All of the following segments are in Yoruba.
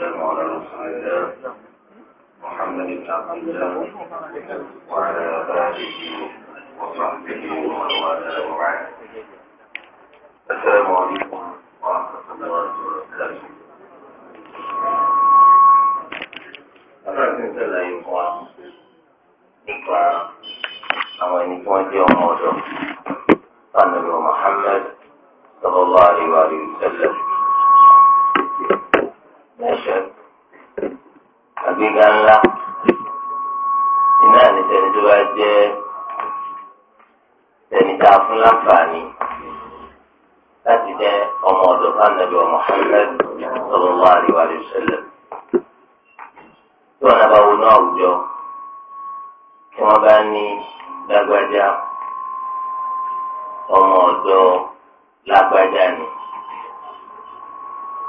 السلام على رسول الله محمد بن عبد الله وعلى آله وصحبه ومن والاه وبعد السلام عليكم ورحمة الله وبركاته Ọlọ́run tẹ̀lé ikọ̀ àwọn nípa àwọn ẹni tí wọ́n jẹ́ ọmọ ọ̀dọ́. Sọ́nà ìlú Mùhàmmad sọ́lọ́lá àríwá àríwá tẹ̀lé. lẹ́sẹ̀ àgbéga ńlá iná ní tẹni tó bá jẹ́ tẹni tá a fún láǹfààní láti jẹ́ ọmọ ọ̀dọ̀ fánàbí ọmọ Muhammad sallallahu alaihi wa sallam tí wọn bá wo náà àwùjọ tí wọn bá ní lágbájá ọmọ ọ̀dọ̀ lágbájá ni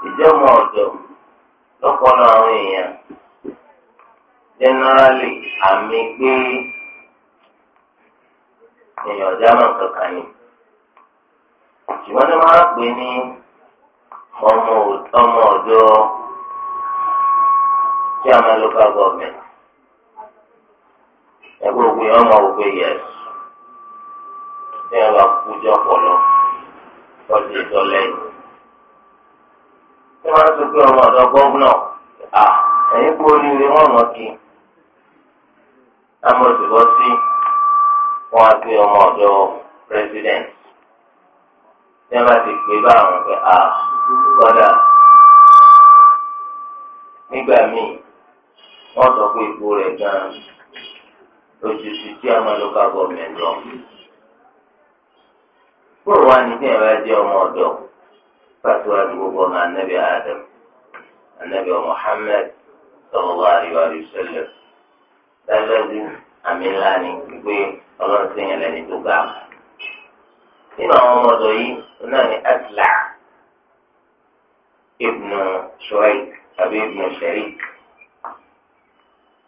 ìjọba ọ̀dọ̀. lọ́pọ̀lọpọ̀ àwọn èèyàn generally àmì pé èèyàn ọ̀dà máa ń kankan ni ṣùgbọ́n tó máa ń pè local government ẹgbẹ́ òkú yẹn ọmọ òkú yes tí a bá kú jọ lọ tí wọ́n sọ pé ọmọ ọ̀dọ́ gọ́vnà à ẹ̀yìn kú oríire wọ́n mọ̀ kí àmọ́ òṣùbọ́ sí wọ́n á pé ọmọ ọ̀dọ́ president tí wọ́n bá ti pè bá àwọn pé à kọ́dà nígbà míì wọ́n sọ pé ipò rẹ̀ gan-an lójútì tí àwọn local government lọ. Bóòwá ni bí ẹ bá ọmọ ọ̀dọ́. فتواجبه مع النبي آدم النبي محمد صلى الله عليه وآله وسلم الذي أمين لاني يقول الله سيني لاني تقع إن عمر دوي ناني أسلع ابن شريك أبي ابن شريك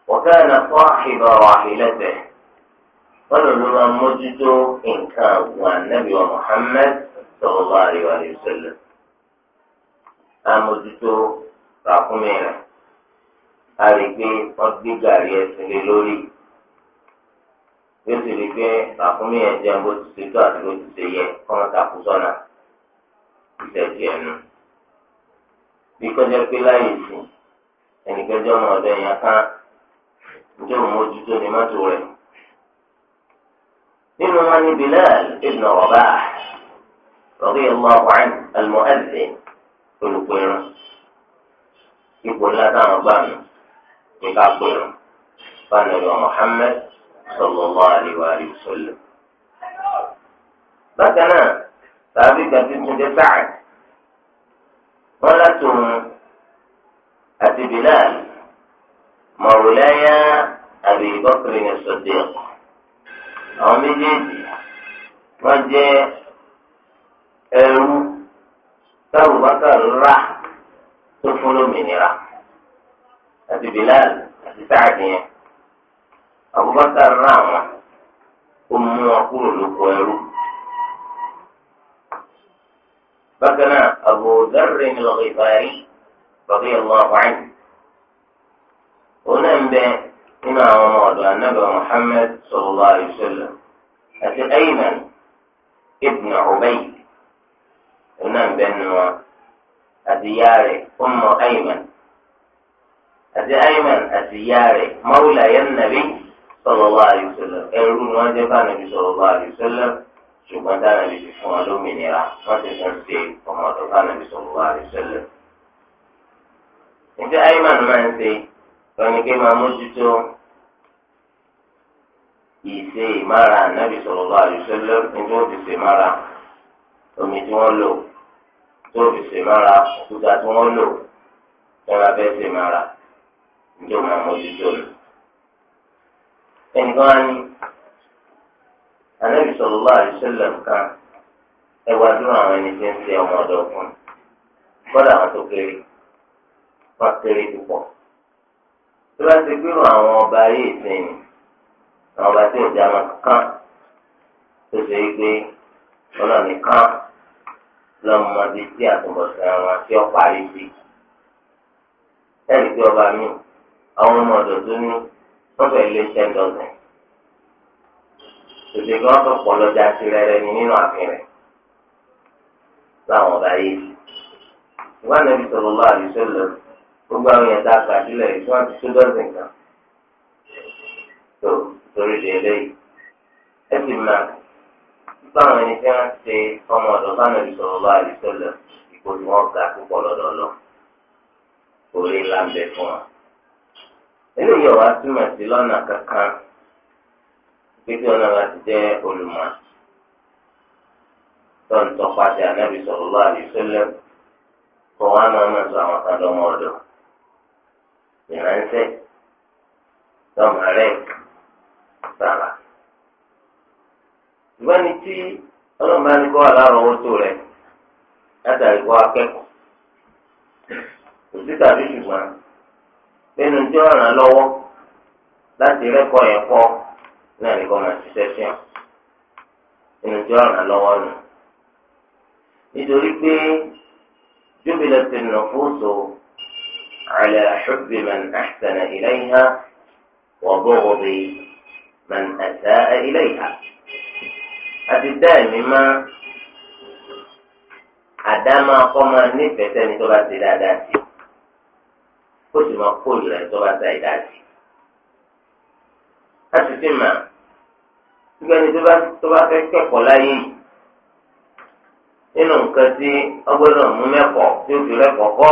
وكان صاحب راحلته قالوا لما مجدوا إن كان النبي محمد صلى الله عليه وآله وسلم amójútó ràkúnmí rẹ̀ a rí i pé wọ́n gbé gàrí ẹ̀sìn lé lórí yóò sì rí i pé ràkúnmí yẹn jẹun bó ti ṣe tó àti bó ti ṣe yẹ kọ́mọ́tà kú sọ́nà ìṣẹ̀jì ẹnu bí kọjá pé láyé sùn ẹnìkẹjọ ọmọ ọdọ yẹn kan njẹ òun mójútó ni mọ́tò rẹ̀ nínú wọn ni Bilal ibn Rabah radiyallahu anhu al-mu'adhdhin olùpẹ̀rùn ipò ńlá táwọn gbà nù ní ká pẹ̀rùn báyìí lọ Muhammad sallallahu alaihi wa alihi wasallam. bákan náà tàbí gàdí tún jẹ sáà wọn láti òun àti Bilal mọ̀wùláyà àbí ní Siddiq àwọn méjèèjì wọ́n jẹ́ ẹrú. táwọn bàtà ń rà tó fún lómìnira àti Bilal àti Sáàdì Abubakar rà wọn ó mú wọn kúrò lóko ẹrú. bákan náà Abu Dharr al-Ghifari radiyallahu anhu Muhammad sallallahu alaihi wa sallam ibn náà ń bẹ nu wọn àti ìyá rẹ̀ Ummu Ayman àti Ayman àti ìyá rẹ̀ mawla yẹn nàbí sallallahu alaihi wasallam ẹrú ni wọ́n jẹ́ fáànàbí sallallahu alaihi wasallam ṣùgbọ́n dáàbí ti fún wọn lómìnira wọ́n ti tún ṣe ọmọdé fáànàbí sallallahu alaihi wasallam. ìdí Ayman máa ń ṣe lọ́nìkẹ́ máa mójútó ìṣe ìmára ànábì sallallahu alaihi wasallam níbi wọ́n ti ṣe ìmára omi tí wọ́n lò tí wọ́n fi ṣe mára òkúta tí wọ́n lò wọ́n máa fẹ́ ṣe mára níjọ́ máa mójútó ẹnìkan á ní Ànábì sallallahu alaihi wasallam ẹwà dúró àwọn ẹni tí ń ṣe ọmọ ọ̀dọ̀ fún un tó kéré kéré púpọ̀. tó bá ti gbérò àwọn ọba ayé ìsìn àwọn ọba tí ò tó lọ́mọdé tí àtúbọ̀tán wọn tí ó parí sí. sẹ́yìn tí ọba mi àwọn ọmọ ọ̀dọ̀ tó ní wọ́n fẹ́ lé ṣẹ́ńdọ̀sẹ̀. tòṣe kí wọ́n fẹ́ pọ̀ lọ́jà sí rẹ̀rẹ̀ ni nínú ààfin rẹ̀ láwọn ọba yìí. ìwà nàbí sọ̀rọ̀ lọ́wọ́ àdìsọ́lẹ̀ gbogbo àwọn yẹn tá a kà sílẹ̀ tí wọ́n ti tó dọ́sìn kan. tó torí délé ẹ ti máa láwọn ẹni tí wọ́n ṣe ọmọ ọ̀dọ̀ bánàbí sọ̀rọ̀ lọ́wọ́ àdìsẹ́lẹ̀ ipò tí wọ́n ga púpọ̀ lọ́dọ̀ orí ńlá ń bẹ fún wa. eléyìí ọ̀wá túmọ̀ sí lọ́nà kankan pé kí ọ̀nà láti jẹ́ olùmọ̀ tó ń ànábì sọ̀rọ̀ lọ́wọ́ kọ́ wa sọ àwọn rẹ̀ sára. ṣùgbọ́n ní tí ọlọ́run bá ní kó wà lárọ̀ọ́wọ́tó rẹ̀ látàrí kó akẹ́kọ̀ọ́ kò sí tàbí ṣùgbọ́n nínú tí ó ràn án lọ́wọ́ láti rẹ́kọ̀ọ́ yẹn kọ́ náà ní máa ṣiṣẹ́ sí nínú tí ó man ahsana ilayha wa man àti dá ẹ̀mí má àdámá kọ́ máa nífẹ̀ẹ́ sẹ́ni tó bá ti dáadáa sí ó sì máa kó ìrẹ̀ tó bá ta ìdá sí. a sì fi mà síbẹ̀ ni tó bá fẹ́ kẹ́kọ̀ọ́ láyé yìí nínú nǹkan tí ọgbọ́dọ̀ mú mẹ́kọ̀ọ́ tí ó fi rẹ́kọ̀ọ́ kọ́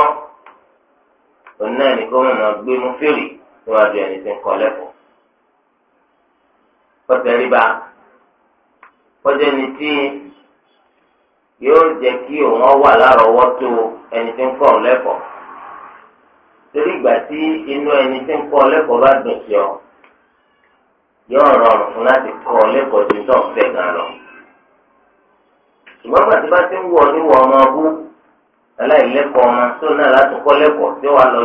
òun náà ni kó mọ̀ máa gbé mú fèrè níwájú ẹni tí ń kọ́ lẹ́kọ̀ọ́. kọ́tẹ́rí bá a. kọjá ni tí yóò jẹ kí òun wà lárọ̀ọ́wọ́tó ẹni tí ń torí ìgbà tí inú ẹni tí ń kọ́ lẹ́kọ̀ọ́ bá dùn sí ọ yóò rọrùn fún láti kọ́ tí tó tọ̀ fẹ́ gan lọ. ṣùgbọ́n bàtí bá ti ń wọ níwọ̀ ọmọ ọbú aláìlẹ́kọ̀ọ́ ọmọ tó náà láti kọ́ lẹ́kọ̀ọ́ tí wàá lọ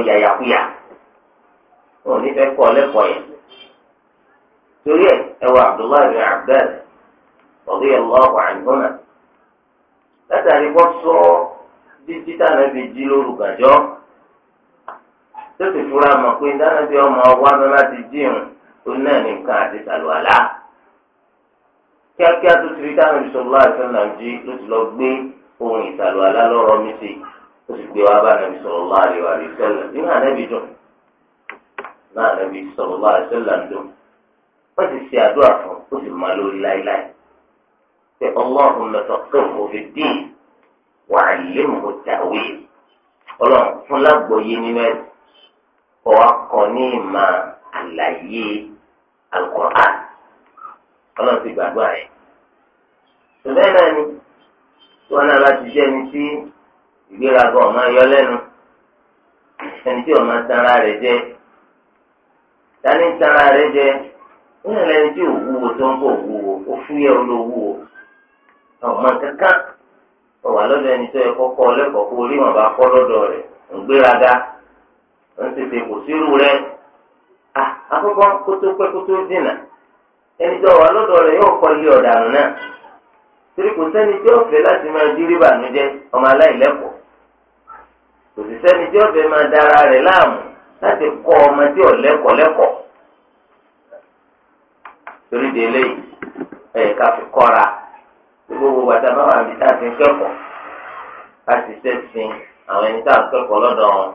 òun رضي الله عنهما látàrí wọ́n sọ dídítà na fi jí lórúkàjọ́ tó sì fura mọ̀ pé dáná bí ọmọ ọwọ́ abẹ́ láti jí ìrùn tó náà ní nǹkan àti sàlùwàlá kíákíá tó ti rí dáná bisalòlá àìsànlá jí ló ti lọ gbé ohun ìsàlùwàlá lọ́rọ̀ mi sí ó sì gbé wá bá nàbí sọlọ́lá àríwá rí pé ọlọ́run lọ́tọ̀ pé kò fi dín wà lẹ́mú tàwé ọlọ́run fún lágbóyé nínú ẹ̀ kọ́ wa kọ́ ní ìmọ̀ àlàyé alukọ́ra ọlọ́run ti gbàgbọ́ rẹ̀. ṣùgbọ́n náà ni wọn náà bá jẹ́ ẹni tí ìgbéraga ọ̀ma yọ lẹ́nu ẹni tí ọ̀ma tara rẹ̀ jẹ́ tani tara rẹ̀ jẹ́ wọn lẹni tí òwúwo tó ń bọ̀ òwúwo ó fúyẹ́ olówúwo. ọmọ kaka ọwà lọdọ ẹni tó yẹ kọ́kọ́ lẹ́kọ̀ọ́ kó orí wọn bá ń tètè kò sírú ẹni tó yóò ilé náà torí kò tí ó láti máa di rí bànújẹ́ ọmọ aláìlẹ́kọ̀ọ́ kò sì sẹ́ni tí ó máa dára rẹ láàmú láti kọ́ ọmọ tí gbogbo wàtá bá wà níta ti ń kẹ́kọ̀ọ́ láti sẹ́sìn àwọn ẹni tá à ń kẹ́kọ̀ọ́ lọ́dọ̀ wọn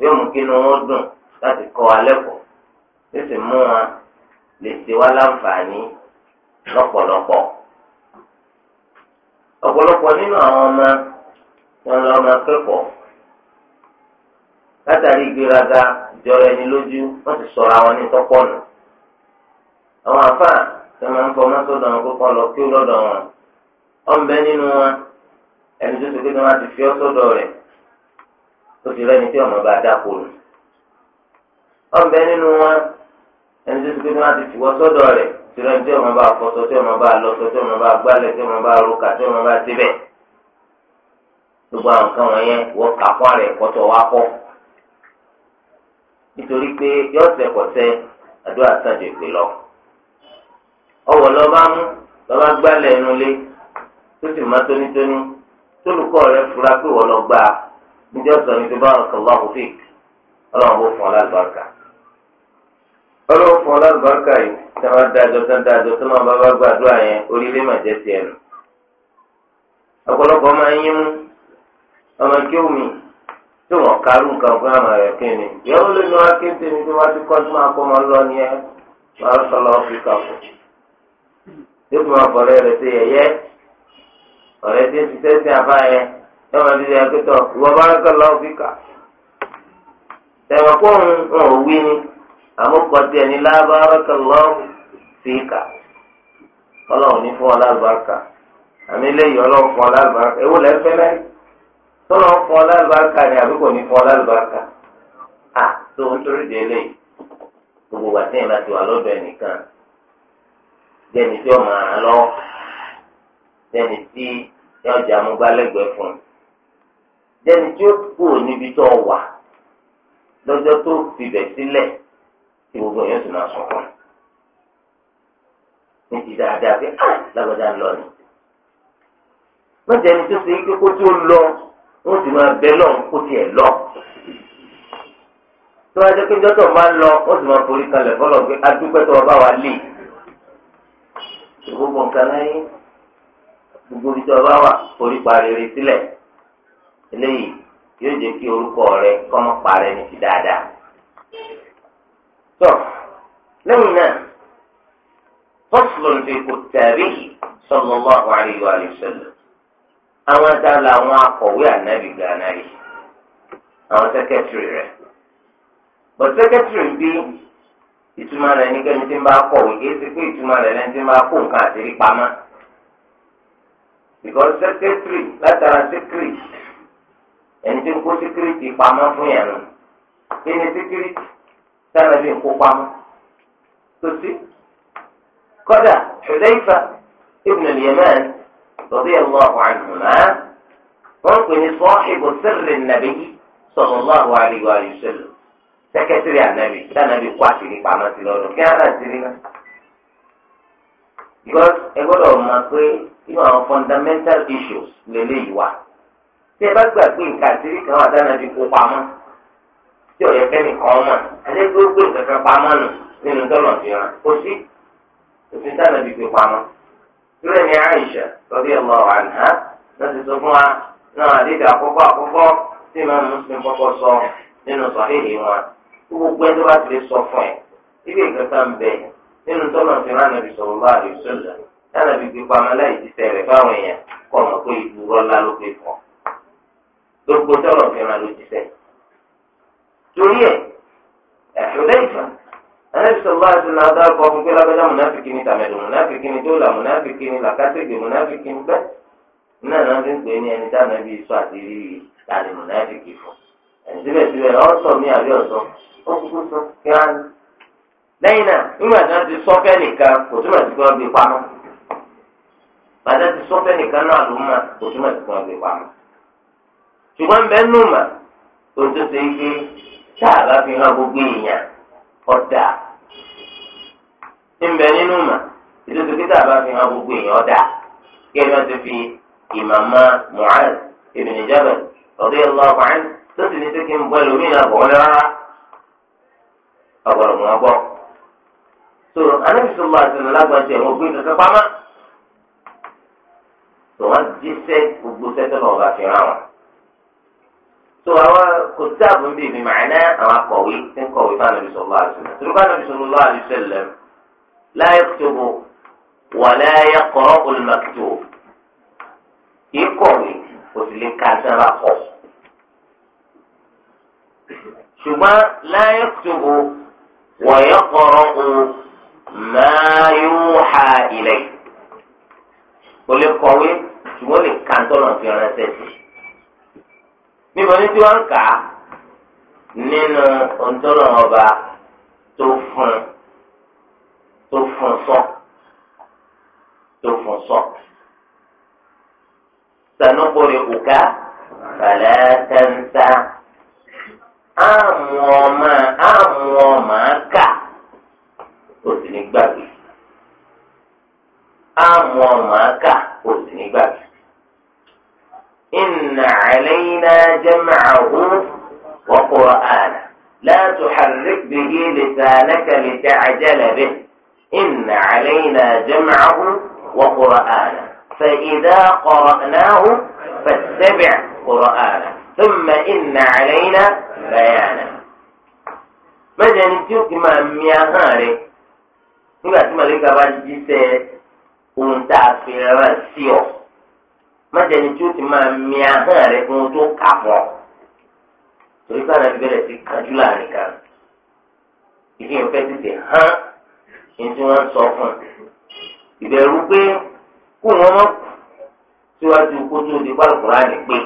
yóò mú kí inú wọn dùn láti kọ́ alẹ́ kọ̀ yóò sì mú wọn lè ṣe wá láǹfààní lọ́pọ̀lọpọ̀ ọ̀pọ̀lọpọ̀ nínú àwọn ọmọ wọn lọ máa kẹ́kọ̀ọ́ látàrí ìgbéraga ìjọra ẹni lójú wọ́n ti sọ̀rọ̀ àwọn ní tọ́pọ̀ nù àwọn àfáà tó máa ń fọmọ́ wọn kó kọ́ lọ kí ó lọ́dọ̀ wọn ọ̀nbẹ nínú wọn ẹni tó ṣe pé wọn ti fi ọ́ sọ́dọ̀ rẹ̀ tó ti rẹ́ni tí ọmọ bá dáko nù ọ̀nbẹ nínú wọn ẹni tó ṣe pé wọn ti fi ọ́ sọ́dọ̀ rẹ̀ tí rẹ́ni tí ọmọ bá fọṣọ tí ọmọ bá lọṣọ tí ọmọ bá gbálẹ̀ tí ọmọ bá rúkà tí ọmọ bá síbẹ̀ gbogbo àwọn nǹkan wọn yẹn wọ́n kà fún àrẹ̀ kọ́tọ̀ wá pọ̀ nítorí pé yọ̀ọ̀sẹ̀ tó sì má tónítóní tólùkọ́ rẹ fura pé wọ́n lọ gbà á níjọ́ ní bíbá ọ̀sán wà kó ọlọ́run bó fún ọ lálùbáríkà ọlọ́run fún ọ lálùbáríkà yìí tí wọ́n dájọ́ tán dájọ́ tó máa bá bá gbàdúrà yẹn orílẹ̀ mà jẹ́ tiẹ̀ nù ọ̀pọ̀lọpọ̀ máa ń yín mú ọmọ kí omi wọ́n kárú nǹkan fún rẹ̀ ọ̀rẹ́ tí ń ṣiṣẹ́ sí àbá yẹn ẹ wọ́n ti yẹ pẹ́tọ̀ ìwọ bá ń kọ́ lọ́wọ́ fíkà. tẹ̀wọ̀n fóun wọn ò wí ni àmúkọ tiẹ̀ ní lábárakà lọ́wọ́ fíkà. ọlọ́run ní fún ọ lálùbáríkà àmì eléyìí ọlọ́run fún ọ lálùbáríkà ewu lẹ́ fẹ́ láì tọ́lọ́ fún ọ lálùbáríkà ni àbí kò ní fún ọ lálùbáríkà. à tó ń torí de eléyìí gbogbo wa tẹ́yìn láti wà lọ́dọ̀ ẹnìkan jẹ́ni tí ó máa lọ jẹ́ni tí ní ọjà amúgbálẹ́gbẹ̀ẹ́ fún un jẹ́ni tí ó kú níbi tó wà lọ́jọ́ tó fìbẹ̀ sílẹ̀ tí gbogbo èèyàn sì máa sùn fún un ní ti dáadáa pé á ah, lágbàdá lọ ni wọ́n jẹ́ni tó ṣe kókó tó lọ wọ́n sì máa bẹ lọ́hùn kó tiẹ̀ lọ tó wá jẹ́ pé jọ́tọ̀ máa ń lọ wọ́n sì máa forí kalẹ̀ fọlọ́ pé adúpẹ́ tó wọ́n bá wa lè gbogbo nǹkan láyé. gbogbo ibi tó o orí pariri sílẹ̀ eléyìí yóò jẹ́ kí orúkọ rẹ kọ́mọ́ parẹ́ ní ti dáadáa. tó lẹ́yìn náà fọ́sùlùmí kò tẹ̀rí sallallahu alaihi wa sallam àwọn ẹ̀dá làwọn akọ̀wé ànábì gánà yìí àwọn sẹ́kẹ́tìrì rẹ̀ bọ̀ sẹ́kẹ́tìrì bíi ìtumọ̀ rẹ̀ ní tí ń bá kọ̀wé kí é ti pé because secretary látara secretary ẹni tí ń kó security pamọ́ fún yẹn nù kí ni security sábà bí ń kó pamọ́ tó sí. kódà Hudayfa ibn al-Yaman radiyallahu anhuma wọ́n pè ní sahibu sirri an-nabi sallallahu alayhi wa sallam secretary ànábì sábà bí kó àṣírí pamọ́ sí lọ́dún kí á because ẹ gbọ́dọ̀ mọ̀ pé inú àwọn fundamental issues lélẹ́yìí wà tí ẹ bá gbà pé nǹkan àtìrí kan wà dáná ju kó pamọ́ tí ọ̀yẹ́ fẹ́mi kan mọ̀ ẹni tó gbé nǹkan kan pamọ́ nù nínú tọ́lọ̀ fi hàn kò sí òfin dáná ju pé pamọ́ sílẹ̀ ní Aisha radiyallahu anha ti sọ fún wa náà àdéhùn àkọ́kọ́ àkọ́kọ́ tí Muslim kọ́kọ́ sọ nínú gbogbo ẹni tó bá ti sọ fún ẹ ibi nínú tọ́lọ̀ fi rán nàbì sọ̀rọ̀ bá àdìo sọ̀lá yálà fi gbé pamọ́ láì jíṣẹ́ rẹ̀ fáwọn èèyàn kọ́ ọ̀mọ̀ pé ìlú rọ́lá ló gbé fọ́ gbogbo tọ́lọ̀ fi rán ló jíṣẹ́. torí ẹ̀ ẹ̀fọ́dẹ́ ìfà nàbì sọ̀rọ̀ bá àdìo náà dárúkọ fún pé lábẹ́dá mùnáfìkì ni tàmẹ̀dù mùnáfìkì ni dóòlà mùnáfìkì ni làkàtẹ́gbẹ̀ mùnáfìkì ni bẹ́ẹ̀ náà náà fi ń pè ní lẹ́yìn náà nígbà tí wọ́n ti sọ́fẹ́ nìkan kò túmọ̀ sí kí wọ́n gbé pamọ́ bàtà ti sọ́fẹ́ nìkan náà ló mà kò túmọ̀ sí wọ́n gbé pamọ́ ṣùgbọ́n bẹ́ẹ̀ nù mà tó ṣe a bá fi hàn gbogbo èèyàn ọ̀dà ńbẹ nínú mà ètò tó a tó anábìsọ máa tẹ̀lé lágbàtì ẹ̀wọ̀n gbé kankan pamọ́ tó wọ́n jíṣẹ́ gbogbo sẹ́tọ̀ náà bá fi hàn wọ́n. tó àwọn kò sí ààbò ń bè mí màá ná àwọn akọ̀wé tí ń kọ̀wé fún anábìsọ máa tẹ̀lé tó bá anábìsọ máa láyé tóbo wọ́n láyé kọ́rọ́ olùmọ̀kìtò ìkọ̀wé kò sì lè ka kọ̀ ṣùgbọ́n láyé tóbo wọ́n yẹ kọ́rọ́ máa yóò ha ilẹ̀ o lè kọ̀wé ṣùgbọ́n lè ka ntọ́nà fi ránṣẹ́ sí i níbo ní tí wọ́n ń kà á nínú ntọ́nà ọba tó fún tó fún sọ tó fún sọ sanukuri òkà fàlẹ́ tẹ́ńtà àmú ọmọ ní gbàgbé àmú ọmọ aká kò sì ní gbàgbé. إن علينا جمعه وقرآنه لا تحرك به لسانك لتعجل به إن علينا جمعه وقرآنه فإذا قرأناه فاتبع قرآنه ثم إن علينا بيانه mẹjẹ ni tí o ti máa mi ahọ́n rẹ nígbà tí màlẹ́kà bá jíṣẹ́ ohun tá a fi rán sí ọ májẹni tí ó ti máa mi ahọ́n rẹ kí wọ́n tó kà mọ́ torí káwọn ẹbí bẹ̀rẹ̀ sí kájú láàrin kan ìdí ìfẹ́ tètè hán ní tí wọ́n sọ fún ìbẹ̀rù pé kó wọn mọ̀ síwájú kó tó di pálukùránì pé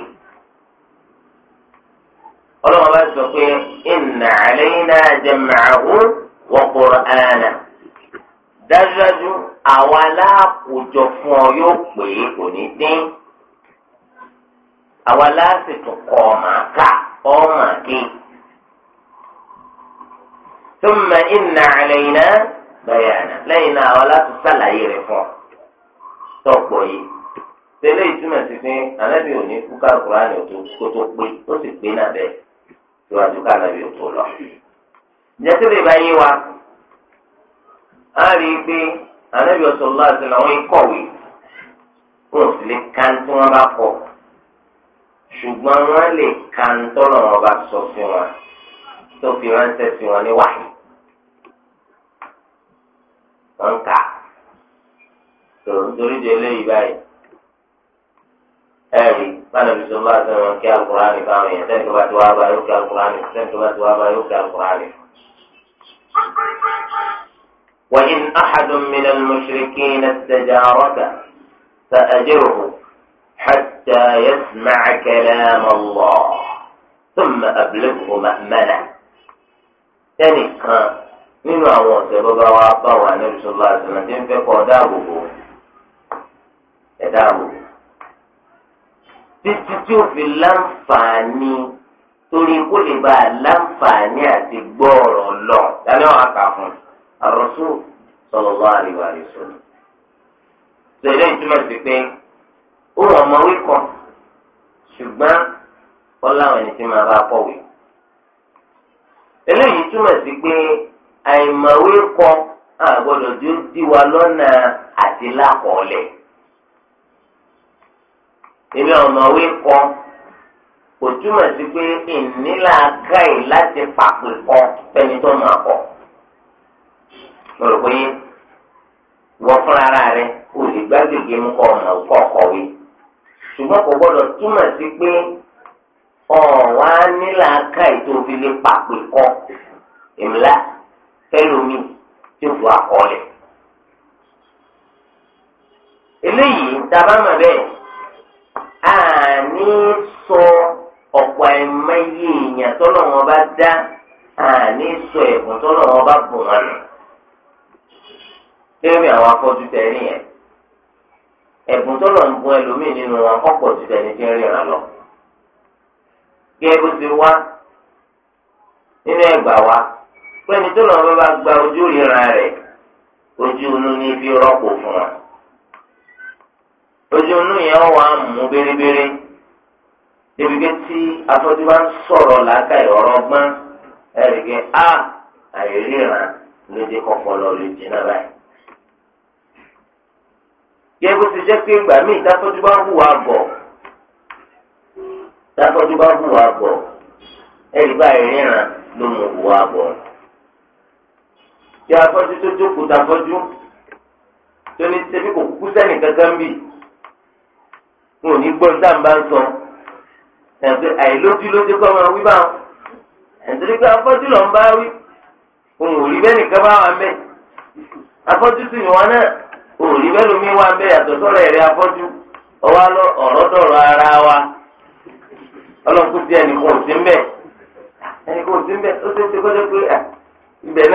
ọlọ́wọ́n bá sọ pé inna alayna jam'ahu wa qur'ana dájúdájú àwọn aláàkójọ fún ọ yóò pè é kò ní dín àwọn aláàsìtò kọ ọmọ ká ọmọ kí. ثم إن علينا بيانا لينا ولا تسلعي رفون tọ́pọ̀ yìí tẹ́lẹ̀ ìtumọ̀ sí pé anábì ò ní kúkà kúránì kó tó pé ó sì pé náà bẹ́ẹ̀ síwájú ká anábì ò tó lọ. ǹjẹ́ tí wa a rí i pé ànábì ọ̀sọ̀lá àti ikọ̀wé wọn sì lè ka tí wọ́n bá kọ̀ ṣùgbọ́n wọ́n lè ka tọ́lọ̀ wọn bá sọ sí wọn tó fi ránṣẹ́ sí wọn ní wàhí. wọ́n ń kà eléyìí báyìí ẹ̀rí وإن أحد من المشركين استجارك فأجره حتى يسمع كلام الله ثم أبلغه مأمنه ثاني كان nínú àwọn ọ̀sẹ̀ ló bá wá bá wà níbi sọlá àtúnà tí ń fẹ́ kọ́ dáàbòbò ẹ̀dáàbò títí tí ó fi láǹfààní torí kó lè bá a láǹfààní àti gbọ́ ọ̀rọ̀ lọ dáná àkà fún un. الرسول صلى الله عليه وسلم sèlè ìtumọ̀ sí pé ó wọ̀ ọmọ wíkọ̀ ṣùgbọ́n ó láwọn ẹni tí máa bá kọ̀wé. eléyìí túmọ̀ sí pé àìmọ̀wé kọ àgbọ̀dọ̀ tó dí wa lọ́nà àti lákọ̀ọ́lẹ̀. èmi ọ̀mọ̀wé kọ kò túmọ̀ sí pé ìnílà gáì láti pàpè kọ fẹ́ni tó máa kọ̀. mo rò pé wọ́n fúnra ara rẹ̀ o lè gbàgbègbè mú kọ́ ọ̀nà òkò ọ̀kọ̀wé ṣùgbọ́n kò gbọ́dọ̀ túmọ̀ sí pé ọ̀wá nílà ká ètò pàpè kọ́ ìmìlá fẹ́lómi tí àkọọ́lẹ̀. eléyìí bẹ́ẹ̀ sọ ọ̀pọ̀ ẹ̀mẹ́yẹ èèyàn wọn bá dá kẹ́mi àwọn afọ́jú tẹ ẹ nìyẹn ẹ̀bùn tó lọ ń bùn ẹlòmíì nínú wọn ọ̀pọ̀ ju ti wá nínú ẹgbà wa pẹ́ni tó lọ́ọ́ bá gba ojú ríran rẹ̀ ojú inú ní bí rọ́pò fún wa. ojú inú yẹn wà mú bérebére débi pé tí afọ́jú bá ń sọ̀rọ̀ làákàyè ọ̀rọ̀ gbọ́n a ah, ṣé bó ti jẹ́ pé ìgbà míì tásọ́jú bá hùwà bọ̀ tásọ́jú bá hùwà bọ̀ ẹ̀rí báyìí ríran ló mú hùwà bọ̀ tí afọ́jú tó jókòó tafọ́jú tó ní ṣebí kò kú sẹ́ni kankan bì wọn ò ní gbọ́ ní dáàbá ń sọ ẹ̀sẹ̀ àìlójú ló dé kọ́ máa wí báwọn ẹ̀sẹ̀ nípa afọ́jú lọ́n bá wí òun ò rí bẹ́ẹ̀ nìkan bá wà mẹ́ afọ́jú sì ni wọn náà. òòlì bẹ́ẹ̀ wa wá ń bẹ́ yàtọ̀ sọ́rọ̀ ẹ̀rẹ́ afọ́jú ọwọ́ alọ́ ọ̀rọ̀ dọ̀rọ̀ ara wa ọlọ́kùn tí ẹnì kan ò sí ń bẹ̀ ẹnì sí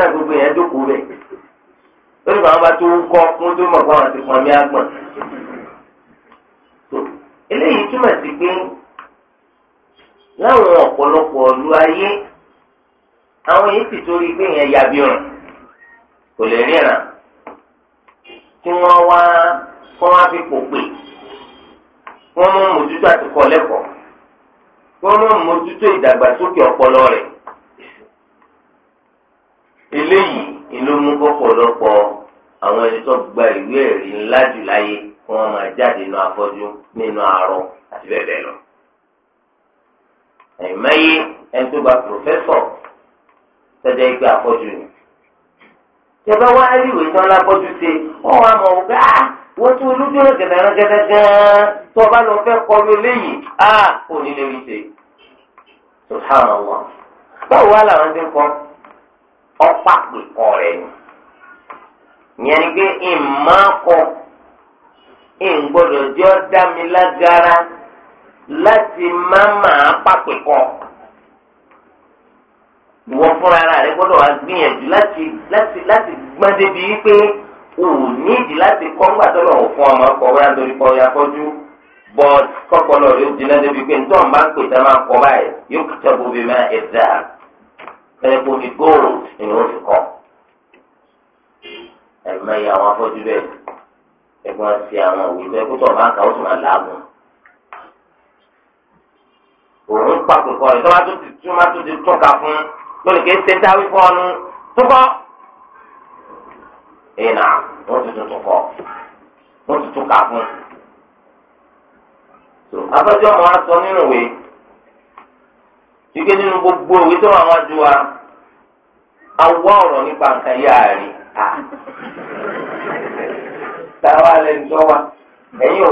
ó gbogbo yẹn jókòó bẹ̀ ó ní bàbá tó kọ́ fún tó mọ̀ fún àwọn àti pọ̀nmí àgbọ̀n eléyìí túmọ̀ sí pé láwọn ọ̀pọ̀lọpọ̀ ọ̀lú ayé àwọn yìí ti torí pé yẹn yabi ọ̀rùn kò lè kí wọ́n wá kó wá fi kò pè wọ́n mú mójútó àti kọ́ lẹ́kọ̀ọ́ wọ́n mú mójútó ìdàgbàsókè ọpọlọ rẹ̀ eléyìí mú kọ́pọ̀lọpọ̀ àwọn ẹni tó gba ìwé ẹ̀rí ńlá jù láyé kí wọ́n máa jáde nínú afọ́jú arọ àti bẹ́ẹ̀ lọ. ẹni tó gba pòfẹ́sọ̀ gbé afọ́jú tẹ̀bá wá rí ìwé tán lábọ́jú ṣe wọ́n wá mọ̀ ọ́n gbá ah, wọ́n tún olójú ọ̀rọ̀ gẹ̀dẹ̀rán gẹ́gẹ́ gan-an tó o bá lọ fẹ́ kọlu eléyìí á ah, kò ní lè ṣe. subhanallah báwo wá làwọn ti ń kọ́ ọ̀pá pèkọ́ ni ìyẹn ni pé ìmọ̀ kọ́ ìgbọ́dọ̀ jọ́ dámi lágara láti má máa pàpè ìwọ fúnra ara rẹ gbọ́dọ̀ wá gbìyànjú láti láti láti gbọ́n débi wípé o nídìí láti kọ́ ńgbà tó lọ́wọ́ fún ọmọ ọkọ̀ wá nítorí kọ́ ya fọ́jú but kọ́pọ̀lọ́ rẹ ó jiná débi pé nítorí wọn bá ń pè tá máa kọ́ báyìí yóò kí tẹ́ bóbi máa ẹ̀ dà fẹ́ẹ́ kó ní gold ni wọ́n fi kọ́ ẹ̀mọ iye àwọn afọ́jú bẹ́ẹ̀ ẹ̀gbọ́n ti àwọn òwe bẹ́ẹ̀ kó tó ọba kan ó sì máa làágùn òun pàpè kọ́ rẹ̀ tó bá tó ti tún ká fún lónìí kì í ṣe dáwí fún ọnu na ìnà wọ́n tuntun tún kọ́ tuntun kà fún. ọmọ wa sọ nínú ìwé wípé nínú gbogbo ìwé tó wà wájú wa awọ́ ọ̀rọ̀ nípa nǹkan a. táwa lẹ́nu tó wa ẹ̀yin ò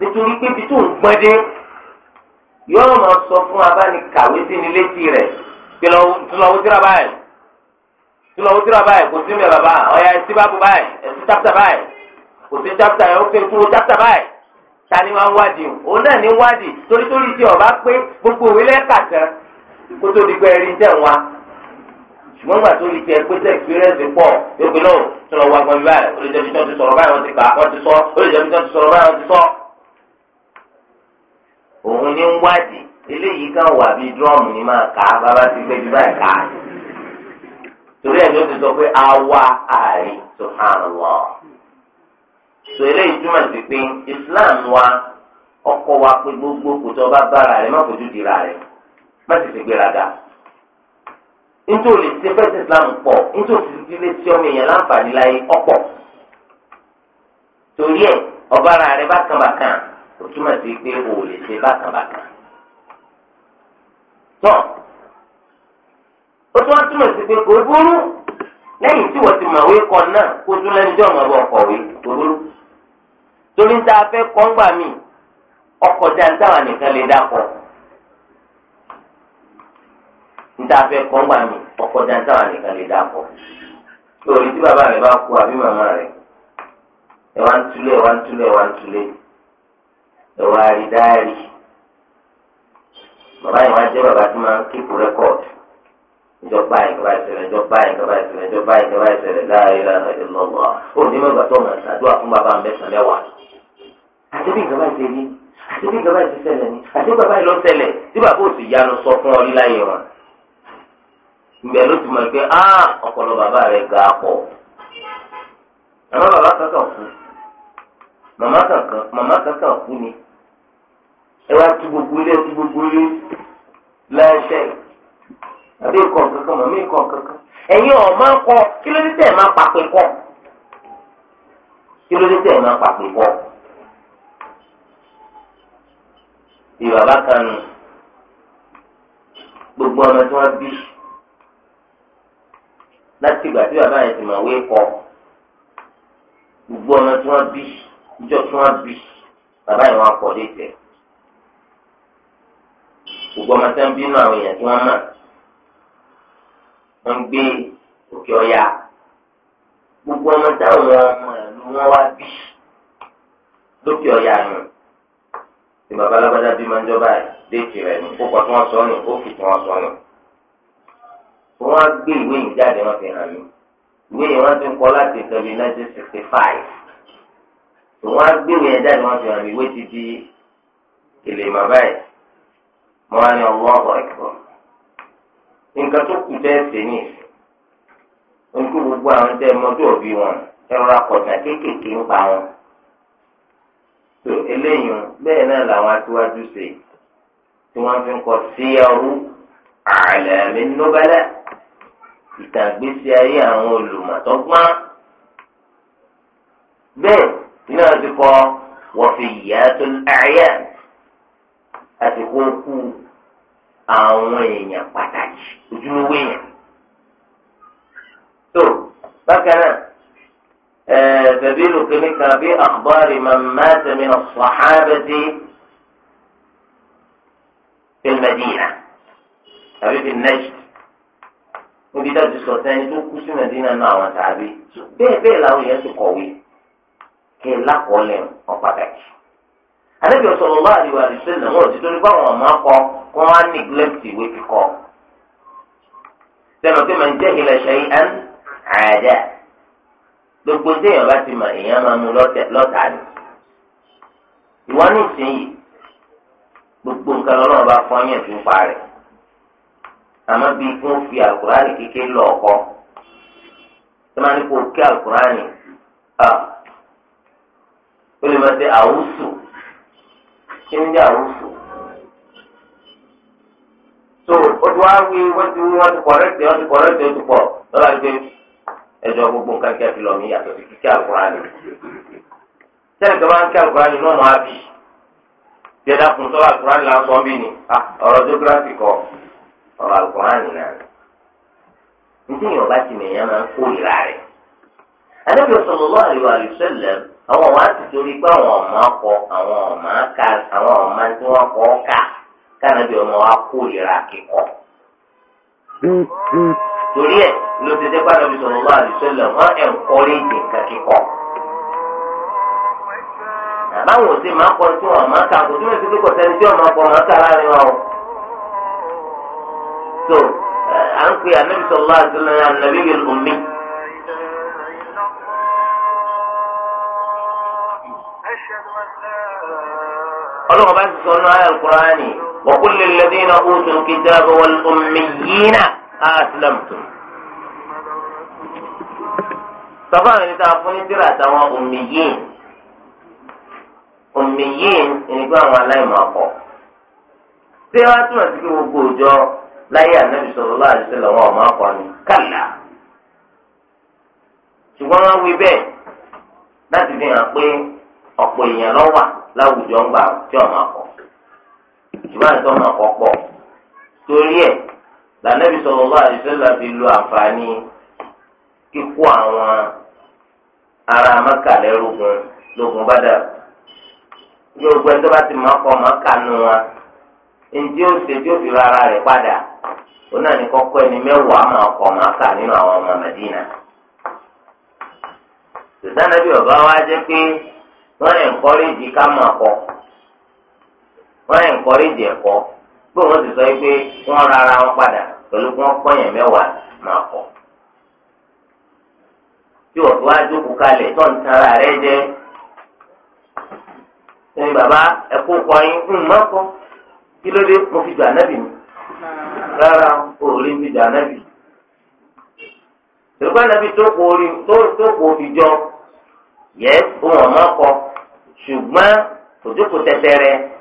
nítorí pé yóò máa sọ fún abánikàwé sí ni létí rẹ̀ tìlọ̀wù tíra báyìí tìlọ̀wù tíra báyìí kò sí mi bàbá ọ̀yà ẹ̀sìn báàbù báyìí ẹ̀sìn tápítà báyìí kò sí tápítà yẹn ó pé kúrò tápítà báyìí ta ni wọ́n wádìí o òun náà ní wádìí torí torí tí ọba pé gbogbo òwe lẹ́ẹ̀kàtà kó tó di pé ẹ̀rí tẹ̀ wá ṣùgbọ́n gbà tó lè tẹ pé tẹ experience pọ̀ yóò pé náà tìlọ̀wù agbọ̀n báyìí ó lè jẹ́ òun ní ń wádìí eléyìí kan wà bíi drọ́ọ̀mù ni máa kà á bàbá ti gbé jù báyìí kà á torí ẹ̀ ló ti sọ pé awa ààrẹ subhanallah so eléyìí túmọ̀ sí pé islam wa ọkọ wa pé gbogbo kòtò ọba bára rẹ má fojú dira rẹ má fi gbéraga nítorí islam pọ̀ nítorí ti lè ti ọmọ èèyàn láǹfààní láyé ọ̀pọ̀ torí ẹ̀ ọba ara rẹ bá kàn bá kàn. tó túmọ̀ sí pé o ò lè ṣe bákàbàkà. tọ́ ó tún wá túmọ̀ sí pé kò burú lẹ́yìn tí wọ́n ti mọ̀wé kọ náà kó tún lẹ́nu jọ́ ọmọ ọkọ̀ wé kò burú. torí ń ta afẹ́ kọ́ngbà mi ọkọ̀ jáńtàwà nìkan lè dákọ̀. ń ta afẹ́ kọ́ngbà mi ọkọ̀ jáńtàwà nìkan lè dákọ̀. torí tí bàbá rẹ̀ bá kú àbí màmá rẹ̀ ẹ̀ wá ń túlé ẹ̀ wá ń túlé ẹ̀ wá ń túlé. ẹwà rí a bàbá yìí wá jẹ́ bàbá tí máa ń kíkù rẹ́kọ̀dù ìjọba ìjọba ìṣẹ̀lẹ̀ ìjọba ìjọba ìṣẹ̀lẹ̀ ìjọba ìjọba ìṣẹ̀lẹ̀ láàrin ìlànà ìlọgbà òní mẹgbà tó máa ṣàdúrà fún bàbá mẹ́sàn mẹ́wàá àti bí ìjọba ìṣe rí àti bí ìjọba ìṣe ṣẹlẹ̀ ni àti bàbá ìlọ ṣẹlẹ̀ tí bàbá òsì yanu sọ fún ọ líláyè wọn. ìgbẹ́ ló ti mọ̀ pé á ọpọlọ bàbá rẹ̀ ga pọ̀ àmọ́ bàbá kankan kú màmá kankan kú ni ẹ wá tu gbogbo ilé ti gbogbo ilé lẹ́sẹ̀ àbí nǹkan kankan mọ̀ mí nǹkan kankan ẹ̀yin ọ̀ máa kọ kí ló dé tẹ̀ máa pàpè kọ́ kí ló dé tẹ̀ máa pàpè kọ́ ìbàbá kan nù gbogbo ọmọ tí wọ́n bí láti ìgbà tí bàbá yẹn ti mọ̀ wé kọ́ gbogbo ọmọ tí wọ́n bí ìjọ tí wọ́n bí bàbá yẹn wọn kọ́ dé tẹ̀ gbogbo ọmọ tẹ́ ń bínú àwọn èèyàn tí wọ́n mọ̀ wọ́n gbé òkè ọ̀yà gbogbo ọmọ táwọn ọmọ ìlú wọn wá bí lókè ọ̀yà nù tí bàbá alábàdá bí máa ń jọba déètì rẹ̀ nù ó kọ́ tí wọ́n sọ nù ó fi tí wọ́n sọ nù wọ́n á gbé ìwé yìí jáde wọ́n fi hàn mí ìwé yìí wọ́n ti ń láti nǹkan bíi nineteen sixty five wọ́n á gbé ìwé yẹn jáde wọ́n fi hàn mí ìwé ti di èlè màbá mo wá ní ọwọ́ ọ̀rọ̀ ẹ̀kọ́ nǹkan tó kù tẹ́ ṣe ní ìsìn ojú gbogbo àwọn tẹ́ mọ́tò òbí wọn ẹ̀rọ akọ̀tà kéékèèké ń pa wọn tó eléyìí bẹ́ẹ̀ náà làwọn aṣíwájú ṣe tí wọ́n fi ń kọ sí ẹrú àlẹ́mí nọ́bẹ́lẹ́ ìtàgbésí ayé àwọn olùmọ̀tọ́gbọ́n bẹ́ẹ̀ iná ti kọ wọ́n fi yàtọ̀ àyà àsìkò kú àwọn èèyàn pàtàkì ojúlówó èèyàn. tó bákan náà bẹ̀bí lùkìní kan bí àkùbárì màmá tẹ̀mí ọ̀sọ̀hábẹ́dì fẹ́lẹ́dìyà tàbí fi nẹ́jì níbi dájú sọ̀tẹ́ ẹni tó kú sí Mẹ́dínà náà àwọn tàbí bẹ́ẹ̀ bẹ́ẹ̀ làwọn èèyàn ti kọ̀wé kí ẹ lákọ̀ọ́lẹ̀ ọ̀ pàtàkì àlejò sọ̀rọ̀ bá àríwá àdìsẹ́ náà wọ́n ti torí pé àwọn ọmọ akọ kó wọ́n á neglect ìwé kíkọ. sẹ́nu pé màá jẹ́ ìlẹ̀ ṣẹ́yìn án àdá gbogbo déèyàn bá ti mọ èèyàn máa mú lọ́tà ni. ìwọ ní ìsinyìí gbogbo nǹkan lọ́nà bá fọyín fún parẹ́ àmọ́ bí kún fi àkùránì kékeré lọ ọkọ máa ní kó kí àkùránì ah. ó lè máa ṣe àwùsù. kíni jẹ́ àrùsù. so ó ti wá wí wọ́n ti wí wọ́n ti kọ̀rẹ́tì wọ́n ti kọ̀rẹ́tì ó ti pọ̀ lọ́la gbé ẹjọ́ gbogbo nǹkan kí ẹ fi lọ mí yàtọ̀ sí kíkẹ́ àkùránì. sẹ́yìn tó bá ń kẹ́ àkùránì náà máa bì bí kun sọ bí ni jógráfì kọ náà. nítorí ọba àwọn wa ti torí pé àwọn ọ̀mà kọ àwọn ọ̀mà ká àwọn na tí wọ́n kọ́ ká kánàbí ọmọ wa kíkọ. torí ẹ ló ti dẹ́gbà lọ́bi sọ̀rọ̀ wá àdìsọ́lẹ̀ wọ́n ẹ̀ kọ́rí ìdìkan kíkọ. àbáwọn òsè máa kọ tí wọn máa kò tí láàrin o. so à ń pè ànábìsọ̀rọ̀ wá àdìsọ́lẹ̀ alukur'ani wa kulli ladina utul kitaba wal ummiyina aslamtu. sọ́kọ́ àwọn ènìyàn fún ní tíra àtàwọn ummiyin ummiyin ìnigbọ́ àwọn aláìmọ̀ ọkọ̀. tí wọ́n á túmọ̀ sí kí gbogbo òjò láyé ànábì sallallahu alaihi wasallam ọmọ ọkọ̀ ni kàlà. ṣùgbọ́n wọ́n wí bẹ́ẹ̀ láti fi hàn pé ọ̀pọ̀ èèyàn ló láwùjọ ń gbà tí ọmọ ọkọ̀. ṣùgbọ́n àtọ́nà ọ̀pọ̀ torí ẹ̀ lànàbí sallallahu alaihi a fi lo àǹfààní kíkó àwọn ará Mẹ́kà lẹ́rùgùn lógun yóò tó bá ti máa nù wọn ǹjẹ́ ó tí ó fi padà náà ní wa pé ń wọ́n ẹ̀ńkọ́rẹ́jì ẹ̀kọ́ pé wọ́n ti sọ pé wọ́n rárá wọn padà pẹ̀lú kí mẹ́wàá máa tí wọ́n tó wá jókòó kalẹ̀ tó ń tara rẹ jẹ́ ẹni bàbá ẹ̀kọ́ kọyìn ń má kí ló dé mo fi jù ànábì mi rárá jù ànábì. ànábì tó tó jọ yẹ ohun kọ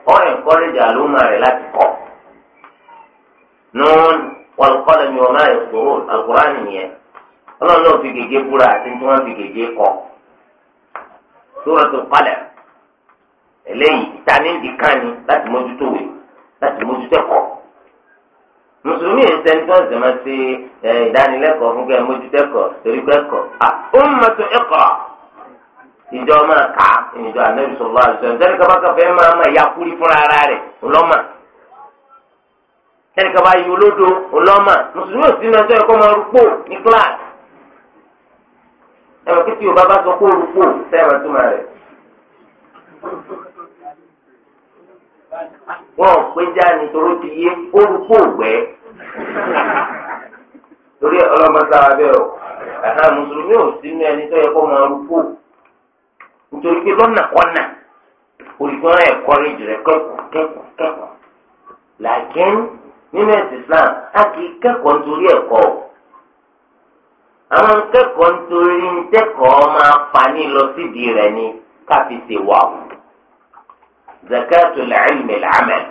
wọn ẹnkọrẹjì àlùmọ rẹ láti kọ nùún wọlùkọlẹ mi wọn máa ìṣòro àkùrá nìyẹn Ọlọ́run náà fi gègé búra àti tí wọn fi gègé kọ sórọtò kọlẹ eléyìí ìtaníǹdì ita ni láti mójútó wẹ láti mójútó ẹ̀kọ́ mùsùlùmí ìsẹni tó ń sèmọ sí ìdánilẹ́kọ̀ọ́ fún kẹ mójútó ẹ̀kọ́ torí kọ ẹ̀kọ́ à ó ń mọtò ìjọ máa kà á ìjọ ànábì sallallahu alaihi wasallam tẹ́lẹ̀ kaba kàfẹ́ máa ma ìyá kúri fúnra ara rẹ̀ ńlọ́mà tẹ́lẹ̀ kaba yìí olódo ńlọ́mà mùsùlùmí ò sí ní ọjọ́ ẹ̀kọ́ máa rúpò ní kíláàsì ẹ̀rọ kí tí o bá bá sọ kó rúpò sẹ́ẹ̀rọ tó máa rẹ̀ wọn ò pé já nítorí ti yé ó rúpò gbẹ́ torí ọlọ́mọ sára bẹ́ẹ̀ o mùsùlùmí ò sí ní ẹni tó yẹ kó máa rúpò nítorí pé lọ́nà kọ́nà olùkọ́nà ẹ̀kọ́ rẹ̀ jùlọ kẹ́kọ̀ọ́ kẹ́kọ̀ọ́ kẹ́kọ̀ọ́ làákín nínú ẹ̀sìn Islam a kì í kẹ́kọ̀ọ́ nítorí ẹ̀kọ́ àwọn kẹ́kọ̀ọ́ nítorí ntẹ́kọ̀ọ́ máa fani lọ sídìí rẹ̀ ni káfí ṣe wà o zakatul ilmi al-amal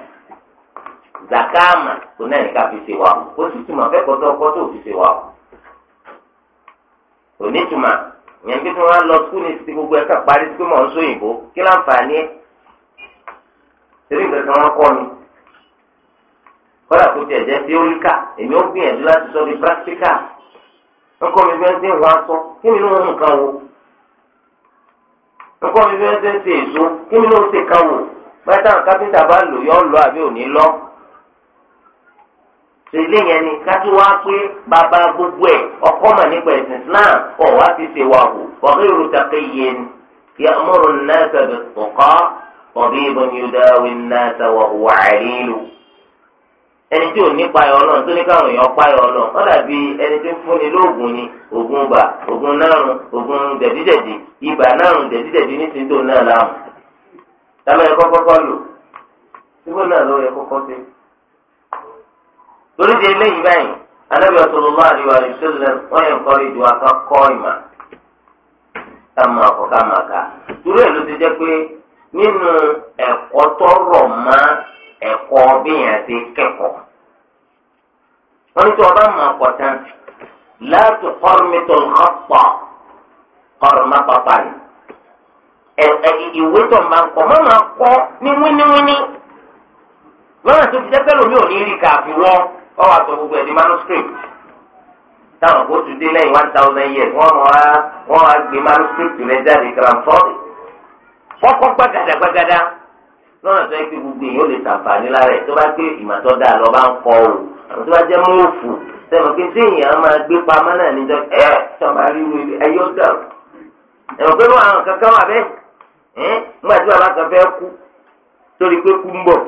zakama kò náà ní káfí ṣe wà o kó sì túmọ̀ fẹ́kọ̀ọ́ tó ọkọ́ tó fi ṣe wà o kò ìyẹn pé tí wọ́n lọ skul ní ti gbogbo ẹ̀ka parí sí pé mọ̀ ń sọ òyìnbó kí láǹfààní ẹ̀ torí nǹkan kan wọ́n kọ́ mi kọ́lá kó tiẹ̀ jẹ́ theoríkà èmi ó gbìyànjú láti sọ di practical nǹkan mi fẹ́ ń sìn wá sọ kí mi ló ń nǹkan wo nǹkan mi fẹ́ ń sìn ṣe èso kí mi ló ń ṣe kan wò báyìí táwọn bá lò yọ ọ lọ àbí ò ní lọ. tẹ̀lé yẹn ni kájú wá pé bàbá gbogbo ẹ̀ ọkọ mà nípa ẹ̀sìn Islam ọ̀wá ti ṣe wà wò ọ̀hìrù taqiyyin ya'muru an-nasa bit-tuqa tabibun yudawi an-nasa wa huwa 'alilu. ẹni tí ò ní payọ̀ ọlọ́run tó ní káwọn èèyàn payọ̀ ọlọ́run ọ dàbí ẹni tí ń fúnni lóògùn ni ògùn bà ògùn ògùn ibà náà lò síbò náà torí di eléyìí báyìí anábì ọ̀sọ̀lọ́lá àdìwà àdìsẹ́lẹ̀ wọ́n yẹn kọ́ ìdù aká kọ́ ìmà ká máa kọ́ ká máa kà torí ẹ̀ ló ti jẹ́ pé nínú ẹ̀kọ́ tó rọ̀ mọ́ ẹ̀kọ́ bíyàn ti kẹ́kọ̀ọ́ wọ́n ní tí wọ́n bá máa kọ́ tán láti kọ́rùmítọ̀ lọ́pọ̀ kọ́rùmá pàpà ni ìwé tó máa ń kọ́ máa máa ní wíníwíní lọ́nà tó fi jẹ́ pẹ́lú mi ò ní rí kàfi wọ́n ọwọ́ àtọ̀ gbogbo ẹ̀ di manuscript táwọn kò tún dé lẹ́yìn one thousand years wọ́n mọ̀ á wọ́n á gbé manuscript rẹ̀ jáde kramfọ́ọ̀dì kọ́kọ́ gbàgàdà gbàgàdà lọ́nà tó yẹ kí gbogbo èèyàn ó lè ṣàǹfààní lára ẹ̀ tó bá gbé ìmọ̀tọ́ dáa lọ bá ń kọ́ o àwọn tó bá jẹ́ mọ́ọ̀fù sẹ́wọ̀n kí tí èèyàn máa gbé pamọ́ náà níjọ ẹ̀ sọ̀mà ríru ibi ẹ̀yọ́ dàrú ẹ̀wọ̀n pé wọ́n àwọn kankan wà bẹ́ẹ̀ ẹ̀ ńgbà tí bàbá kan fẹ́ kú torí pé kú ń bọ̀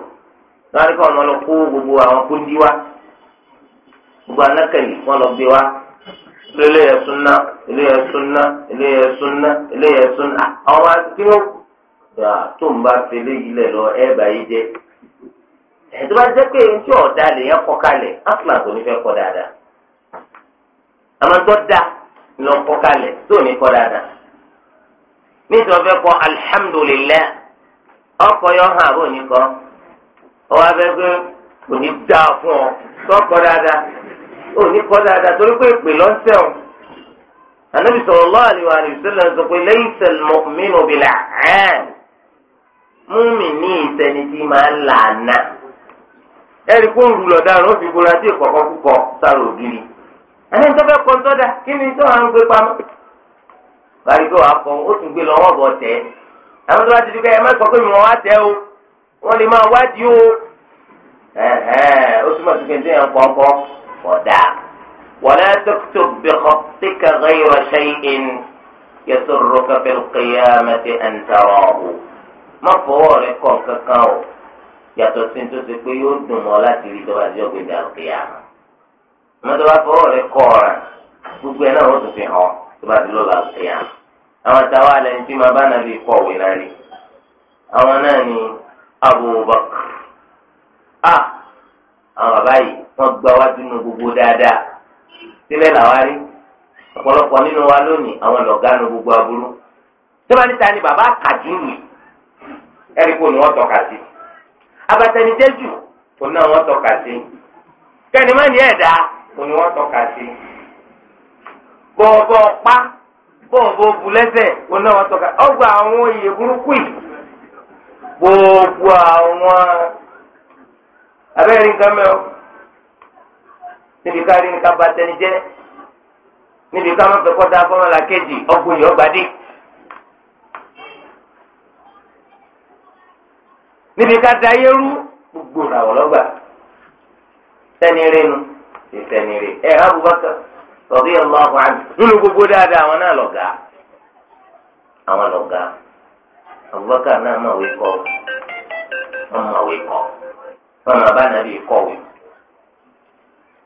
lọ́wọ́ kọ́ ọmọ lọ kó gbogbo àwọn kúndí wa gbogbo anákẹ́yì wọ́n lọ gbé wa àwọn máa ti kíló tó ń bá lọ bá bá pé ntí ọ̀dà lè kọ́ kalẹ̀ afúlà ní fẹ́ kọ́ dáadáa da lọ kọ́ kalẹ̀ tó yọ hàn ò ní kọ́ dáadáa torí pé èpè lọ́sẹ̀ o anabi sallallahu alaihi wasallam sọ pé laysa al-mu'minu bil-la'an múmi ní ìsẹni tí máa ń làánà ẹ̀rí kó ń rulọ̀ dáhùn ó fi bora sí ìkọ̀kọ́ púpọ̀ sára ògiri ẹni tó fẹ́ kọ́ sọ́dà kí ni tó gbé pamọ́ kọ́ ó tún gbé bọ̀ tẹ́ àwọn tó bá ti di ká ẹ o wọ́n lè kọ̀dà wala taktub bi khatika ghayra shay'in yasurruka fil qiyamati an tarahu má fọwọ́ rẹ̀ kọ̀ kankan o yàtọ̀ sí tó ṣe pé yóò dùn mọ́ láti rí tó bá jẹ́ ògbéga al-qiyama àmọ́ tó kọ̀ ọ̀ràn gbogbo ẹ̀ náà wọ́n tún fi hàn tó bá ti lọ́la àwọn táwa lẹ́yìn tí màá bá nàbí kọ̀wé náà rí àwọn náà ni Abubakar a ah! àwọn bàbá yìí wọn gba wá gbogbo dáadáa si làwa ọ̀pọ̀lọpọ̀ nínú wa lónìí àwọn lọ̀gá nu gbogbo aburú tí ni bàbá kàjú nì ẹ̀rí kò wọ́n tọ́ka sí abatẹnijẹ́ jù kò ní wọ́n tọ́ka sí kẹ́ni má ní ẹ̀dá wọ́n tọ́ka sí bọ̀ọ̀bọ̀ pa bọ̀ọ̀bọ̀ bu lẹ́sẹ̀ kò wọ́n tọ́ka ọgbà àwọn oyè burúkú yìí gbogbo àwọn abẹ́rẹ́ nǹkan mẹ́wọ́. níbi ká rí ní ká ba tẹni jẹ́ níbi ká má kọ́ da fọ́nrán la yìí ọgbà dé. níbi ká da yẹrú gbogbo làwọn lọ́gbà sẹ́ni rẹ̀ nu ìsẹ́ni rẹ̀ ẹ̀ Abubakar radiyallahu anhu nínú gbogbo dáadáa àwọn náà àwọn Abubakar náà máa wé kọ́ wọ́n máa wé kọ́ wọ́n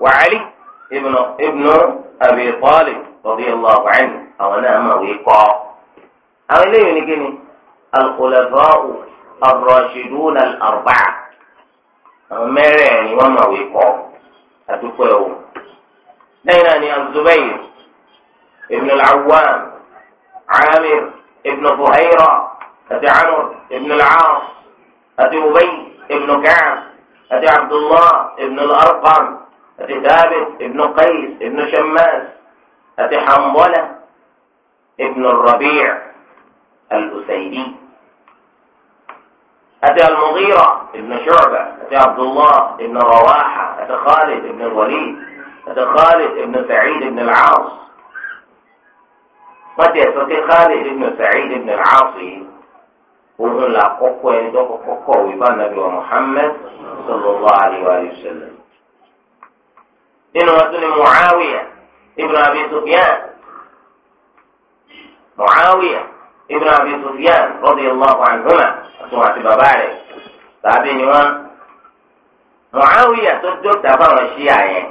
وعلي ابن ابن ابي طالب رضي الله عنه او نعم وقا او ليه نجيني الخلفاء الراشدون الاربعه مريني وما وقا اتقوا نيراني الزبير ابن العوام عامر ابن بهيرة أتي عمر ابن العاص أتي أبي ابن كعب أتي عبد الله ابن الأرقم أتي ثابت ابن قيس ابن شماس أتي حنظلة ابن الربيع الأسيدي أتى المغيرة ابن شعبة أتى عبد الله ابن رواحة أتى خالد ابن الوليد أتى خالد ابن سعيد ابن العاص أتي أتى خالد ابن سعيد ابن العاصي وهم لا قوة يدق قوة نبي محمد صلى الله عليه وآله وسلم nínú wọn tún ni Muawiya Abi Sufyan Muawiya ibn Abi Sufyan radiyallahu anhuma àtúnwò àti bàbá rẹ̀ tàbí ni wọn Muawiya tó dó tàbá ṣí àyẹn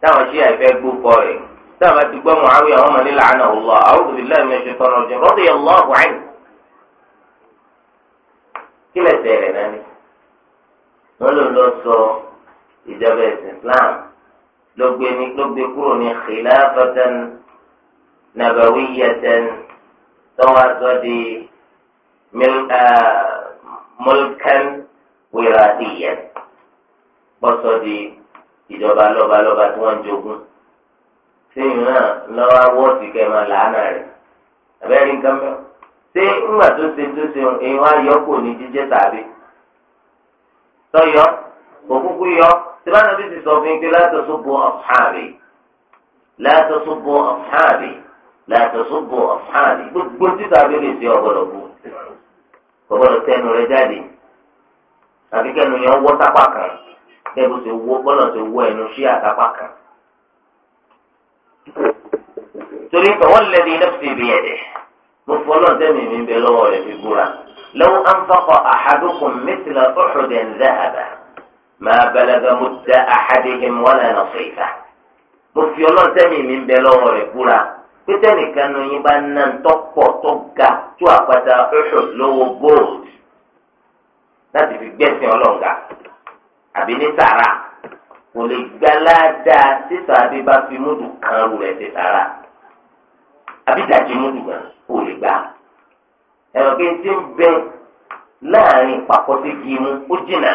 táwọn ṣí àyẹn fẹ́ gbó kọ rẹ̀ táwọn ti gbọ́ Muawiya wọn mọ̀ ní làánà Allah a'udhu billahi minash náà ni wọ́n lò lọ sọ ìjọba ẹ̀sìn Islam. ló gbé ní ló gbé kúrò ní khilafatan nabawiyatan tọ́wọ́ àtọ́ di mulkan wiratiyan bọ́sọ̀ di ìjọba lọ́balọ́ba tí wọ́n jogún sẹ́yìn náà lọ́wọ́ wọ́ọ̀tì kẹ́ máa làánà rẹ̀ abẹ́rẹ́ nǹkan mẹ́wàá ṣé ńgbà tó ṣe tó ṣe èèyàn ayọ́kù ní jíjẹ́ tàbí tọ́yọ́. òkúkú yọ tìbánà bí ti sọ fún yín pé láti ṣubú ọ̀sáàbì láti ṣubú ọ̀sáàbì láti ṣubú ọ̀sáàbì gbogbo títà bí lè ṣe ọ̀gbọ̀dọ̀ bú ọ̀gbọ̀dọ̀ tẹnu rẹ jáde àbí kẹnu yẹn wọ́ tápá kan kẹ́bù ti wọ́ bọ́lọ̀ ti wọ́ ẹnu sí àtápá kan. torí tọwọ́ lẹ́dí nẹ́fẹ̀sì bí ẹ̀dẹ̀ mo fọlọ́ tẹ́mi mi bẹ lọ́wọ́ rẹ̀ fi búra lọ́wọ́ anfaqa ahadukum mithla Uhudin dhahaba. ما بلغ مد أحدهم ولا نصيفة mọ̀fì ọlọ́ntẹ́mì mi ń bẹ lọ́wọ́ rẹ̀ búra pété nìkan nu yín bá ná tọ́pọ̀ tó ga tó àpáta Uhud lówó gold láti fi gbẹ̀sìn ọlọ́ǹga àbí ní sàrà kò lè gbalada títà àbí bá fi múdù kan rú rẹ̀ ti sàrà àbí dàjí múdù gan kò lè gbà ẹ̀rọ kí n ti ń bẹ láàrin pàkọ́sí gímú ó jìnnà.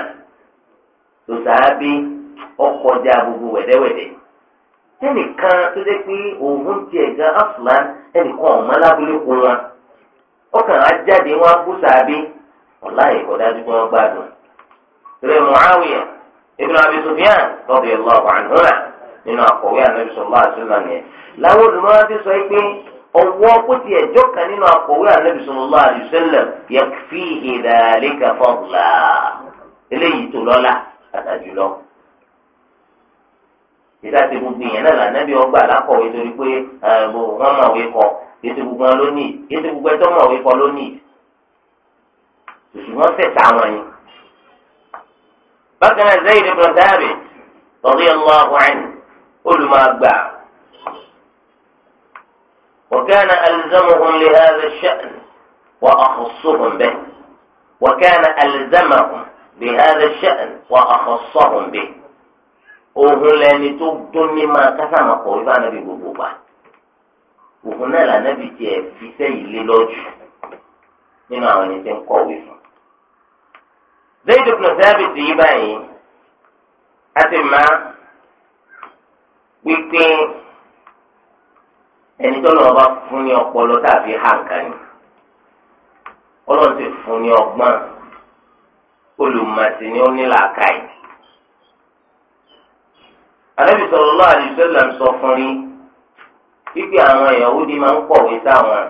tó sàábí ọkọjá gbogbo wẹ̀dẹ́wẹ̀dẹ́ ẹnìkan tó dé pé òun tiẹ̀ gan afúlán ẹnìkan ọ̀mọ́ lábúlé kó wọn ọkàn ajáde wọn kú sàábí ọ̀la ẹ̀kọ́ dájú pé wọ́n gbádùn rẹ̀ Muawiya ibn Abi nínú akọ̀wé sọ̀rọ̀ láti nìyẹn. láwọn ti sọ pé ọwọ́ kó ti ẹ̀jọ́ kan nínú akọ̀wé sọ̀rọ̀ láti yẹ fi eléyìí tó lọ́la kàtà jùlọ. ìdá ti gbogbo yẹn náà lànàbí ọgbà lákọ̀wé torí pé wọ́n mọ̀wé kọ ètò gbogbo wọn lónìí ètò gbogbo ẹjọ́ mọ̀wé kọ lónìí. ṣùgbọ́n tẹ̀sà wọn ni. bákan náà Zayd ibn Thabit radiyallahu anhu olùmọ̀gbà. وكان ألزمهم لهذا الشأن وأخصهم به وكان ألزمهم بهذا الشأن وأخصهم به ohun lẹni tó dún ní máa kásàmà kọ wípé ànábì gbogbo wa òhun náà lànábì tiẹ̀ fi sẹ́yìn lé lọ́jù nínú àwọn ẹni tí ń kọ̀wé fún. Zayd ibn Thabit yìí báyìí a ti máa wípé ẹni tó lọ́wọ́ bá fún ní ọpọlọ tàbí hàǹkà ni ọlọ́run ti fún ní ọgbọ́n olùmọ̀sí ni ó ní làákàyè. Ànábì sallallahu alaihi wasallam sọ fún rí wípé àwọn Yahudi máa ń kọ̀wé sáwọn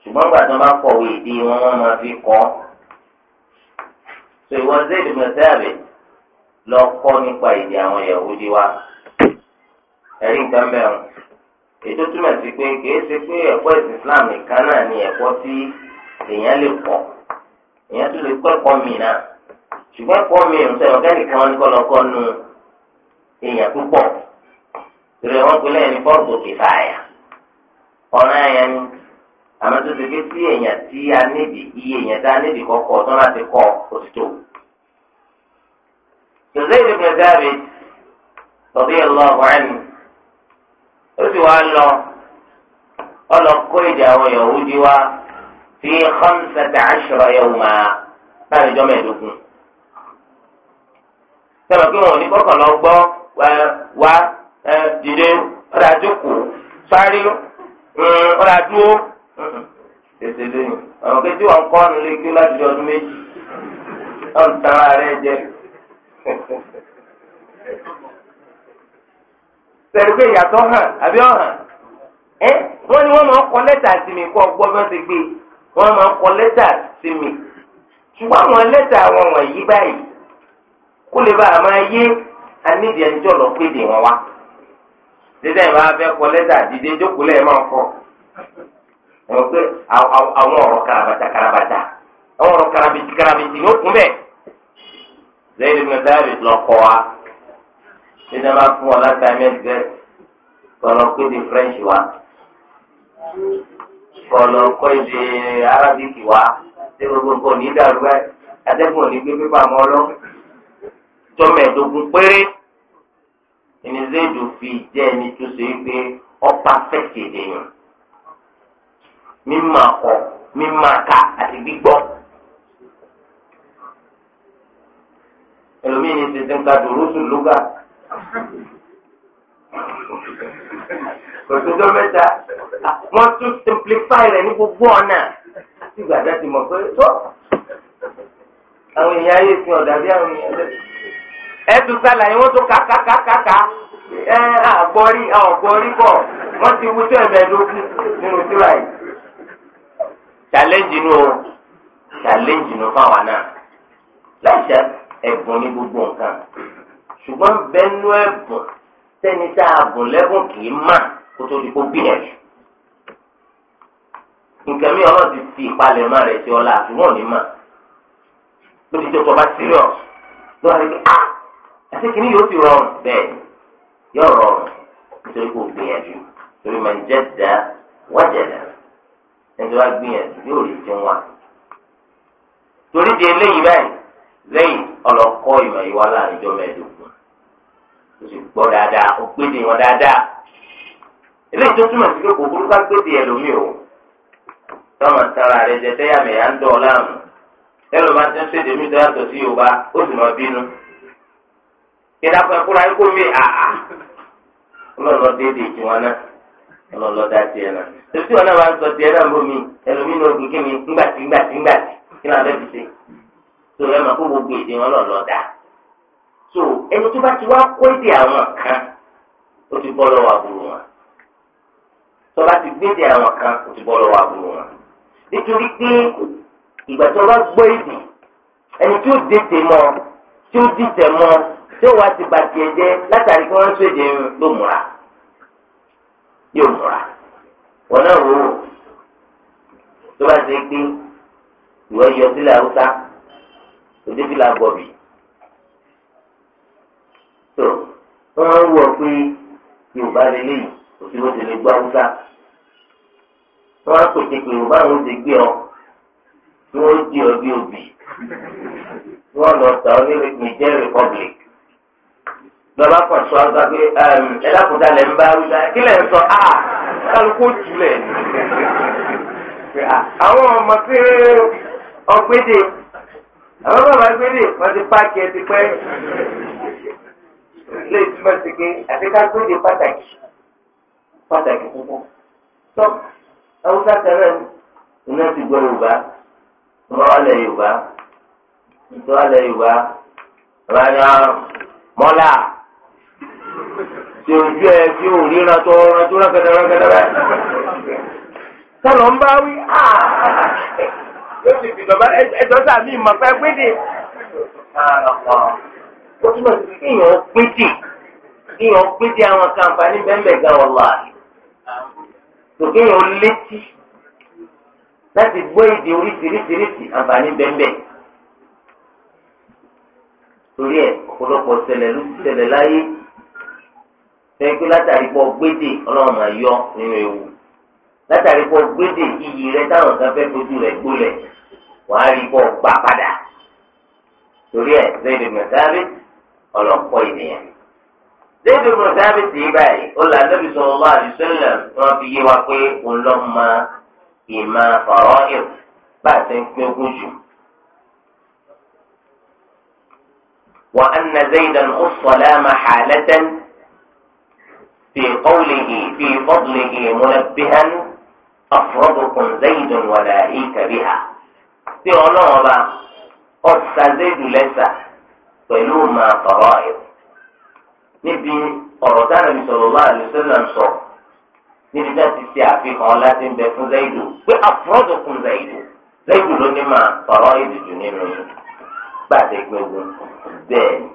ṣùgbọ́n gbà tí wọ́n bá kọ̀wé ìdí wọn wọ́n máa fi kọ́. sọ ìwọ Zayd ibn Thabit lọ kọ́ nípa ìdí àwọn Yahudi wa. ẹ̀rí nǹkan mẹ́rin ètò túmọ̀ sí pé kìí ṣe pé ẹ̀kọ́ ìsìn Islam nìkan náà ni ẹ̀kọ́ tí èèyàn lè kọ́ èèyàn tún lè kọ́ ẹ̀kọ́ mìíràn ṣùgbọ́n pọ̀ mi ń sọ ọ̀gá nìkan wọn kọ́ lọ́kọ́ nu èèyàn púpọ̀ rẹ̀ wọ́n pe lẹ́yìn ní fọ́ọ̀bù kìfà àyà ọ̀ràn àyà ni àmọ́ tó ti ké sí èèyàn tí a níbi iye èèyàn tá a níbi kọ́kọ́ tó láti kọ́ òtítọ́. Zayd ibn Thabit radiyallahu anhu ó sì wá lọ ọlọ́kọ́ èdè àwọn Yahudi wá fi khamsata ashra yawma báyìí jọ́mọ̀ ẹ̀dógún. sọ̀rọ̀ pé wọn ò ní kọ́kàn lọ gbọ́ wá dìde ọ̀rọ̀ àjókòó sáré tètè kejì wọn kí láti di ọdún méjì ọ̀n tara jẹ. sẹ̀rù pé ìyàtọ̀ hàn àbí kó lè bá a máa yé anídìí ẹni tí ọ̀nà péde wọn wá dídá ìbá fẹ́ kọ lẹ́tà dídé jókòó máa karabata karabata àwọn karabiti karabiti bẹ́ẹ̀ lẹ́yìn ìgbà lọ wa dídá máa fún ọ láti àmì French wa kọ́ wa ṣé gbogbo nǹkan ò ní dàrú ẹ̀ ò ní gbé pépà mọ́ jọmẹ̀ẹ́dógún péré ìní zéèdù fi jẹ́ ẹni tó ṣe é pé ọ̀pá fẹ̀kì èèyàn mímọ̀ ọ̀ mímọ̀ ká àti gbígbọ́. ẹlòmíì ní tètè ń ka dòrósù lóga òtútù mẹ́ta wọ́n tún simplify rẹ̀ ní gbogbo ọ̀nà àti gbàdá ti mọ̀ pé tó àwọn èèyàn ayé fi ọ̀dà bí àwọn èèyàn lẹ́sìn ẹtù sálàyé wọn tún kàkàkàkà ẹ àgbọrí àgbọrí bọ wọn ti wú tó ẹ̀mẹ́ẹ̀dógún nínú síra yìí. challenge nu o challenge nu fáwọn náà láìsẹ ẹ̀bùn ní gbogbo nǹkan ṣùgbọ́n bẹ́nu ẹ̀bùn sẹ́ni tá a bùn lẹ́bùn kì í mà kó tó di kó gbìyànjú. nǹkan mi ọlọ́ọ̀ ti fi ìpalẹ̀mọ́ rẹ̀ ṣe ọlá àtúwọ̀n ní mà lórí tó tọ́ bá serious lọ́wọ́ rẹ̀ pé ah. ṣé kìíní yóò ti rọrùn bẹ́ẹ̀ yóò rọrùn nítorí kò gbìyànjú torí máa ń jẹ́ dá wájàdá ẹni wá gbìyànjú yóò rí ti wà. torí di eléyìí báyìí lẹ́yìn ọlọ́kọ́ ìmọ̀ ìwà láàrin ìjọ mẹ́ẹ̀ẹ́dógún ó sì gbọ́ dáadáa ó gbé wọn dáadáa eléyìí tó túmọ̀ sí pé kò burúkú o tọ́mọ̀ tara rẹ̀ jẹ tẹ́yàmẹ̀yà ń dọ̀ ọ́ láàmú tẹ́lọ̀ máa ti ń ṣèdè kíláà fún ẹkúra mi àá ọlọlọ déédéé tí wọn náà ọlọlọ dá tiẹ̀ náà tòtí wọn náà wà ń sọ tiẹ̀ náà bómi ẹlòmíì ní ogun kíni ńgbàtí ńgbàtí ńgbàtí kí náà bẹ́ẹ̀ fi ṣe tó ẹ máa kó gbogbo èdè wọn lọlọ dá so ẹni tó bá ti wá kó èdè àwọn kan ó ti bọ́ lọ́wọ́ àbúrò wọn tó bá ti gbé èdè àwọn kan ó ti bọ́ lọ́wọ́ àbúrò wọn nítorí pé ìgbà tó bá gbọ́ èdè ẹni tó dé tè mọ́ tó dìtẹ̀ mọ́ tí ó wá ti bàtì ẹ jẹ látàrí kí wọ́n ń ṣèjẹ ló múra yóò múra wọn náà wò ó tó bá ṣe pé ìwọ yọ sílẹ̀ haúsá òde fi la gbọ̀bì tó wọ́n wọ̀ pé yorùbá lélẹ́yìn òṣèlú ti lè gbọ́ haúsá wọ́n á pèsè pé yorùbá àwọn ti gbé ọ tí wọ́n di ọ bí obì wọ́n lọ tà ọ ní nìjẹ́ republic lọ́ba kan sọ àgbà pé ẹ dákúndà lẹ̀ ń bá wíjà kí lẹ̀ ń sọ a ah, kálukú jùlẹ̀ ni. àwọn ọmọ tí ọgbẹ́dẹ àwọn bàbá gbẹ́dẹ wọ́n ti páàkì ẹ ti pẹ́ lè túmọ̀ sí pé àfikà gbẹ́dẹ pàtàkì pàtàkì púpọ̀ tó haúsá tẹ́lẹ̀ iná ti gbọ́ yorùbá ọmọ alẹ́ yorùbá ìtọ́ alẹ́ yorùbá ọmọ alẹ́ mọ́là tí ojú ẹ tí ò ríran tó ọ̀ràn tó rákàtà rákàtà rẹ. sọlọ ń bá wí yóò sì fi bàbá ẹjọ́ sàmì ìmọ̀ pé pédè. ó túmọ̀ sí kéèyàn pédè kéèyàn pédè àwọn kàǹfààní bẹ́ẹ̀ gan ọ̀la tó kéèyàn létí láti gbọ́ èdè oríṣiríṣiríṣi àǹfààní bẹ́ẹ̀ torí ẹ̀ ọ̀pọ̀lọpọ̀ ṣẹlẹ̀ ló ti ṣẹlẹ̀ láyé sẹ́yìnkú látàrí pọ̀ gbédè ọlọ́run máa yọ nínú ewu látàrí pọ̀ gbédè iyì rẹ táwọn kan fẹ́ fojú rẹ gbólẹ̀ wàá rí pọ̀ gbà padà torí ẹ̀ Zaid ibn Thabit ọlọ́pọ̀ ènìyàn. Zaid ibn Thabit yìí báyìí ó là Nabi sallallahu alaihi wasallam wọn fi yé wa pé òun lọ́ ma ìmọ̀ ọ̀rọ̀ ìrù bá a ti ń pín ogún jù. wa anna Zaidan ó sọ̀lá ma hàlẹ́tẹ́ni. في قوله في فضله منبها أفرضكم زيد ولاهيك بها في ọlọ́run ọba ọ̀sà zéèdù lẹ́sà pẹ̀lú máa tọ̀rọ̀ ẹ̀ níbi ọ̀rọ̀ dára mi sọ̀rọ̀ wá àlùsọ́là ń sọ níbi náà ti ṣe àfihàn láti ń bẹ fún zéèdù pé àfúrọ́dù kún zéèdù zéèdù ló ní máa tọ̀rọ̀ èdè jù nínú gbàdégbégun bẹ́ẹ̀ ni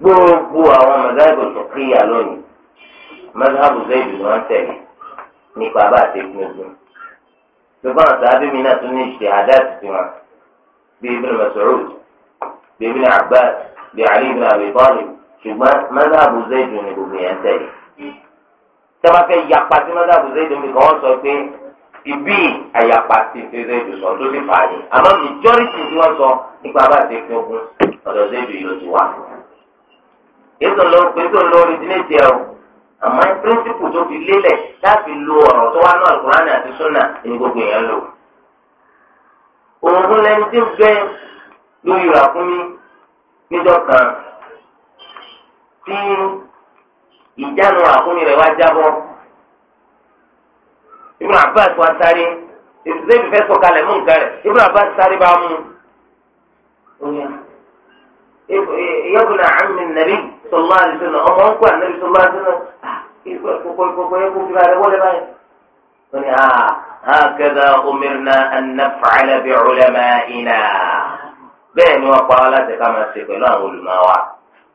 gbogbo àwọn mọ̀dáìgò tó kíyà lónìí mọ́sáàbù zayid ni wọ́n tẹ̀lé nípa bá a ti pín ogun ṣùgbọ́n àtàbí mi náà tún ní ìṣe àdáàtì sí wọn bí ibn Mas'ud bí ibn Abbas bí Ali ibn Abi Talib ṣùgbọ́n mọ́sáàbù zayid ni gbogbo yẹn tẹ̀lé tọ́ba fẹ́ yapa sí mọ́sáàbù zayid ni kò wọ́n sọ pé ibi àyàpá ti fi zayid sọ tó ti fà ní àmọ́ majority tí wọ́n sọ nípa bá a ti pín ogun ọ̀dọ̀ àmọ́ píríncípù tó fi lélẹ̀ láti lo ọ̀rọ̀ tó wá náà alukurani àti sunna ní gbogbo èèyàn lò. òun lẹni tí ń bẹ lórí ràkúnmí níjọ́ kan tí ìjánu ràkúnmí rẹ̀ wá jábọ́. Ibn Abbas wa sáré ìdílébì fẹ́ sọ̀kalẹ̀ mú nǹkan rẹ̀ Ibn Abbas sáré bá mú. ìyá ìyá bùnà àmì nàbí. sọlá àdìsọlá ọmọ ń pè ànábi sọlá àdìsọlá kókó yẹ kó fira rẹ wọlé báyìí. wọ́n ní ah, hakadha umirna an naf'ala bi ulama'ina bẹ́ẹ̀ ni wọ́n pa wá ká máa ṣe pẹ̀lú àwọn olùmọ̀ wa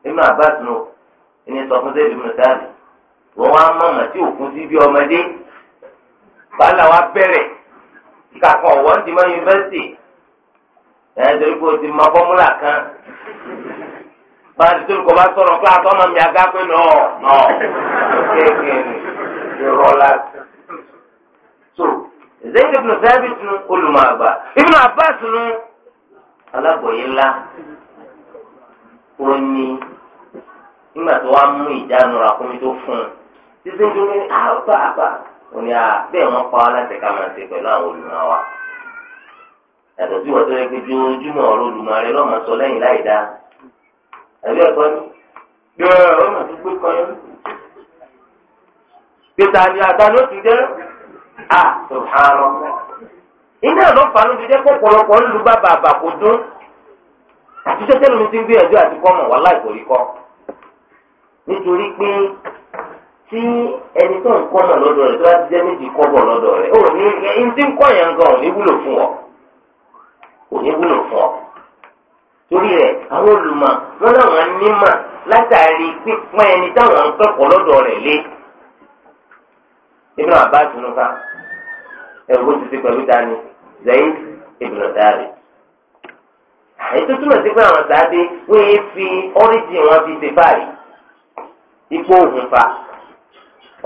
nínú àbáṣinú ẹni sọ fún sẹ́yìn bímọ wọ́n wá mọ̀mọ́ tí òkun sí bí ọmọdé bàálà wa bẹ̀rẹ̀ kakọ̀ wọ́n ti mọ pàṣẹ kò bá sọ̀rọ̀ pé àtọ́mọ̀ mi pé nọ nọ kéèké so zayd ibn thabit nu olùmọ̀ ibn abbas nu alábòye ó ní nígbà tó wàá mú ìjánu ràkúnmí tó fún un títí tó ní àbá ah, àbá ó ní ah, bẹ́ẹ̀ wọ́n pa ọ́ ká máa ṣe pẹ̀lú àwọn olùmọ̀ wa yàtọ̀ sí wọ́n tó yẹ ojoojúmọ́ ọ̀rọ̀ olùmọ̀ rẹ lọ́mọ sọ lẹ́yìn láì dáa. ẹ̀rí ẹ̀kọ́ ni gbẹ̀rẹ̀ ọ̀rọ̀ mà ti gbé kan yẹn. gbèsè àti àtà ló ti jẹ́ à sọ̀hánà. iná ọlọ́pàá ló ti jẹ́ pọ̀pọ̀lọpọ̀ ń lu bàbà àbàkò dún. àti tẹ́tẹ́ lómi ti ń gbìyànjú àti kọ́mọ̀ wá láì kórí kọ́. nítorí pé tí ẹni tó ń kọ́mọ̀ lọ́dọ̀ rẹ̀ tó bá ti jẹ́ méjì kọ́bọ̀ lọ́dọ̀ rẹ̀ ó ní ẹni tí ń kọ́ yẹn gan ò ní wúlò fún ọ torí rẹ̀ àwọn olùmọ̀ wọn làwọn nímọ̀ látàrí pípọ́n ẹni táwọn ń lọ́dọ̀ rẹ̀ lé ibùdó bá àtúnúká ẹ̀rù bó ti ti pẹ̀lú dání zayd ibùdó dáre ètò túmọ̀ sí pé àwọn sáadé wọ́n yé fi wọn fi ṣe báyìí ipò òhun fa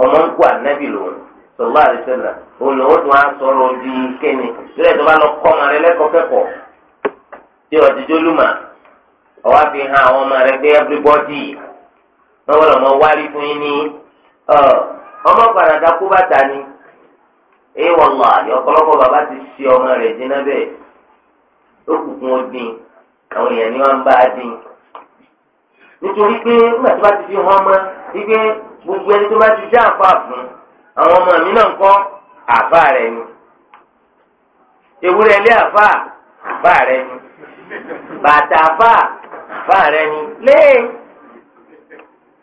ọmọ ń kó tí ọ̀dì jólúmọ̀ fi hàn àwọn ọmọ rẹ pé everybody wọ́n wọ́n wárí fún yín ní ọmọ gbàdàdà kú bàtà ni èyí wọ́n lọ àyè bàbá ti ṣe ọmọ rẹ dínà bẹ́ẹ̀ ó odin àwọn èèyàn ni bá a dín nítorí pé nígbà tó ti fi hàn wípé gbogbo ẹni tó bá ti dá fún àwọn ọmọ mi náà àfa ni ilé bàtà fà fà rẹ ni lẹ́ẹ̀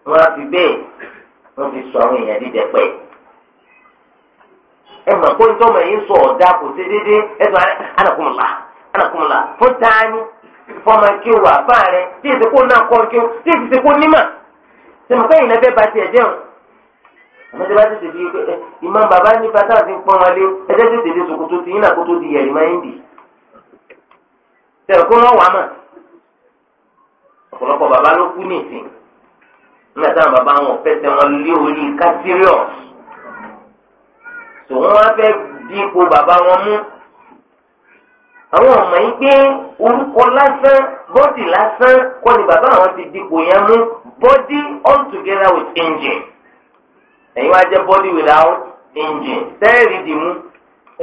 wọ́n fi bẹ́ẹ̀ wọ́n fi sọ àwọn èèyàn dídẹ pẹ́ ẹ mọ̀ pé nítorí ẹ̀yin sọ ọ̀dà kò sí déédéé ẹ sọ anakunla anakunla fún tání fọmọ kí o wà fà rẹ tí èsì kó náà kọ́ kí o tí èsì ti kó nímọ̀ tẹmọ̀kẹ́ yìí lẹ́fẹ̀ẹ́ bá tiẹ̀ dẹ́hùn àmọ́ bá tètè fi ìmọ̀ bàbá ní bàtà fi ń pọ́n wọn lé ẹjẹ́ tètè dé ṣòkòtò ti yín náà di yẹ̀rì tẹ̀rọ kó wọ́n wà mọ̀ ọ̀pọ̀lọpọ̀ bàbá ló kú ní ìsìn nígbà táwọn bàbá wọn fẹsẹ̀ wọn lé orí ká serious tò wá fẹ́ di ipò bàbá wọn mú àwọn ọmọ yìí pé orúkọ lásán bọ́dì lásán kọ́ ni bàbá àwọn ti dipò yẹn mú bọ́dì all together with engine ẹ̀yin wá jẹ́ bọ́dì without engine tẹ́ẹ̀rì dìmú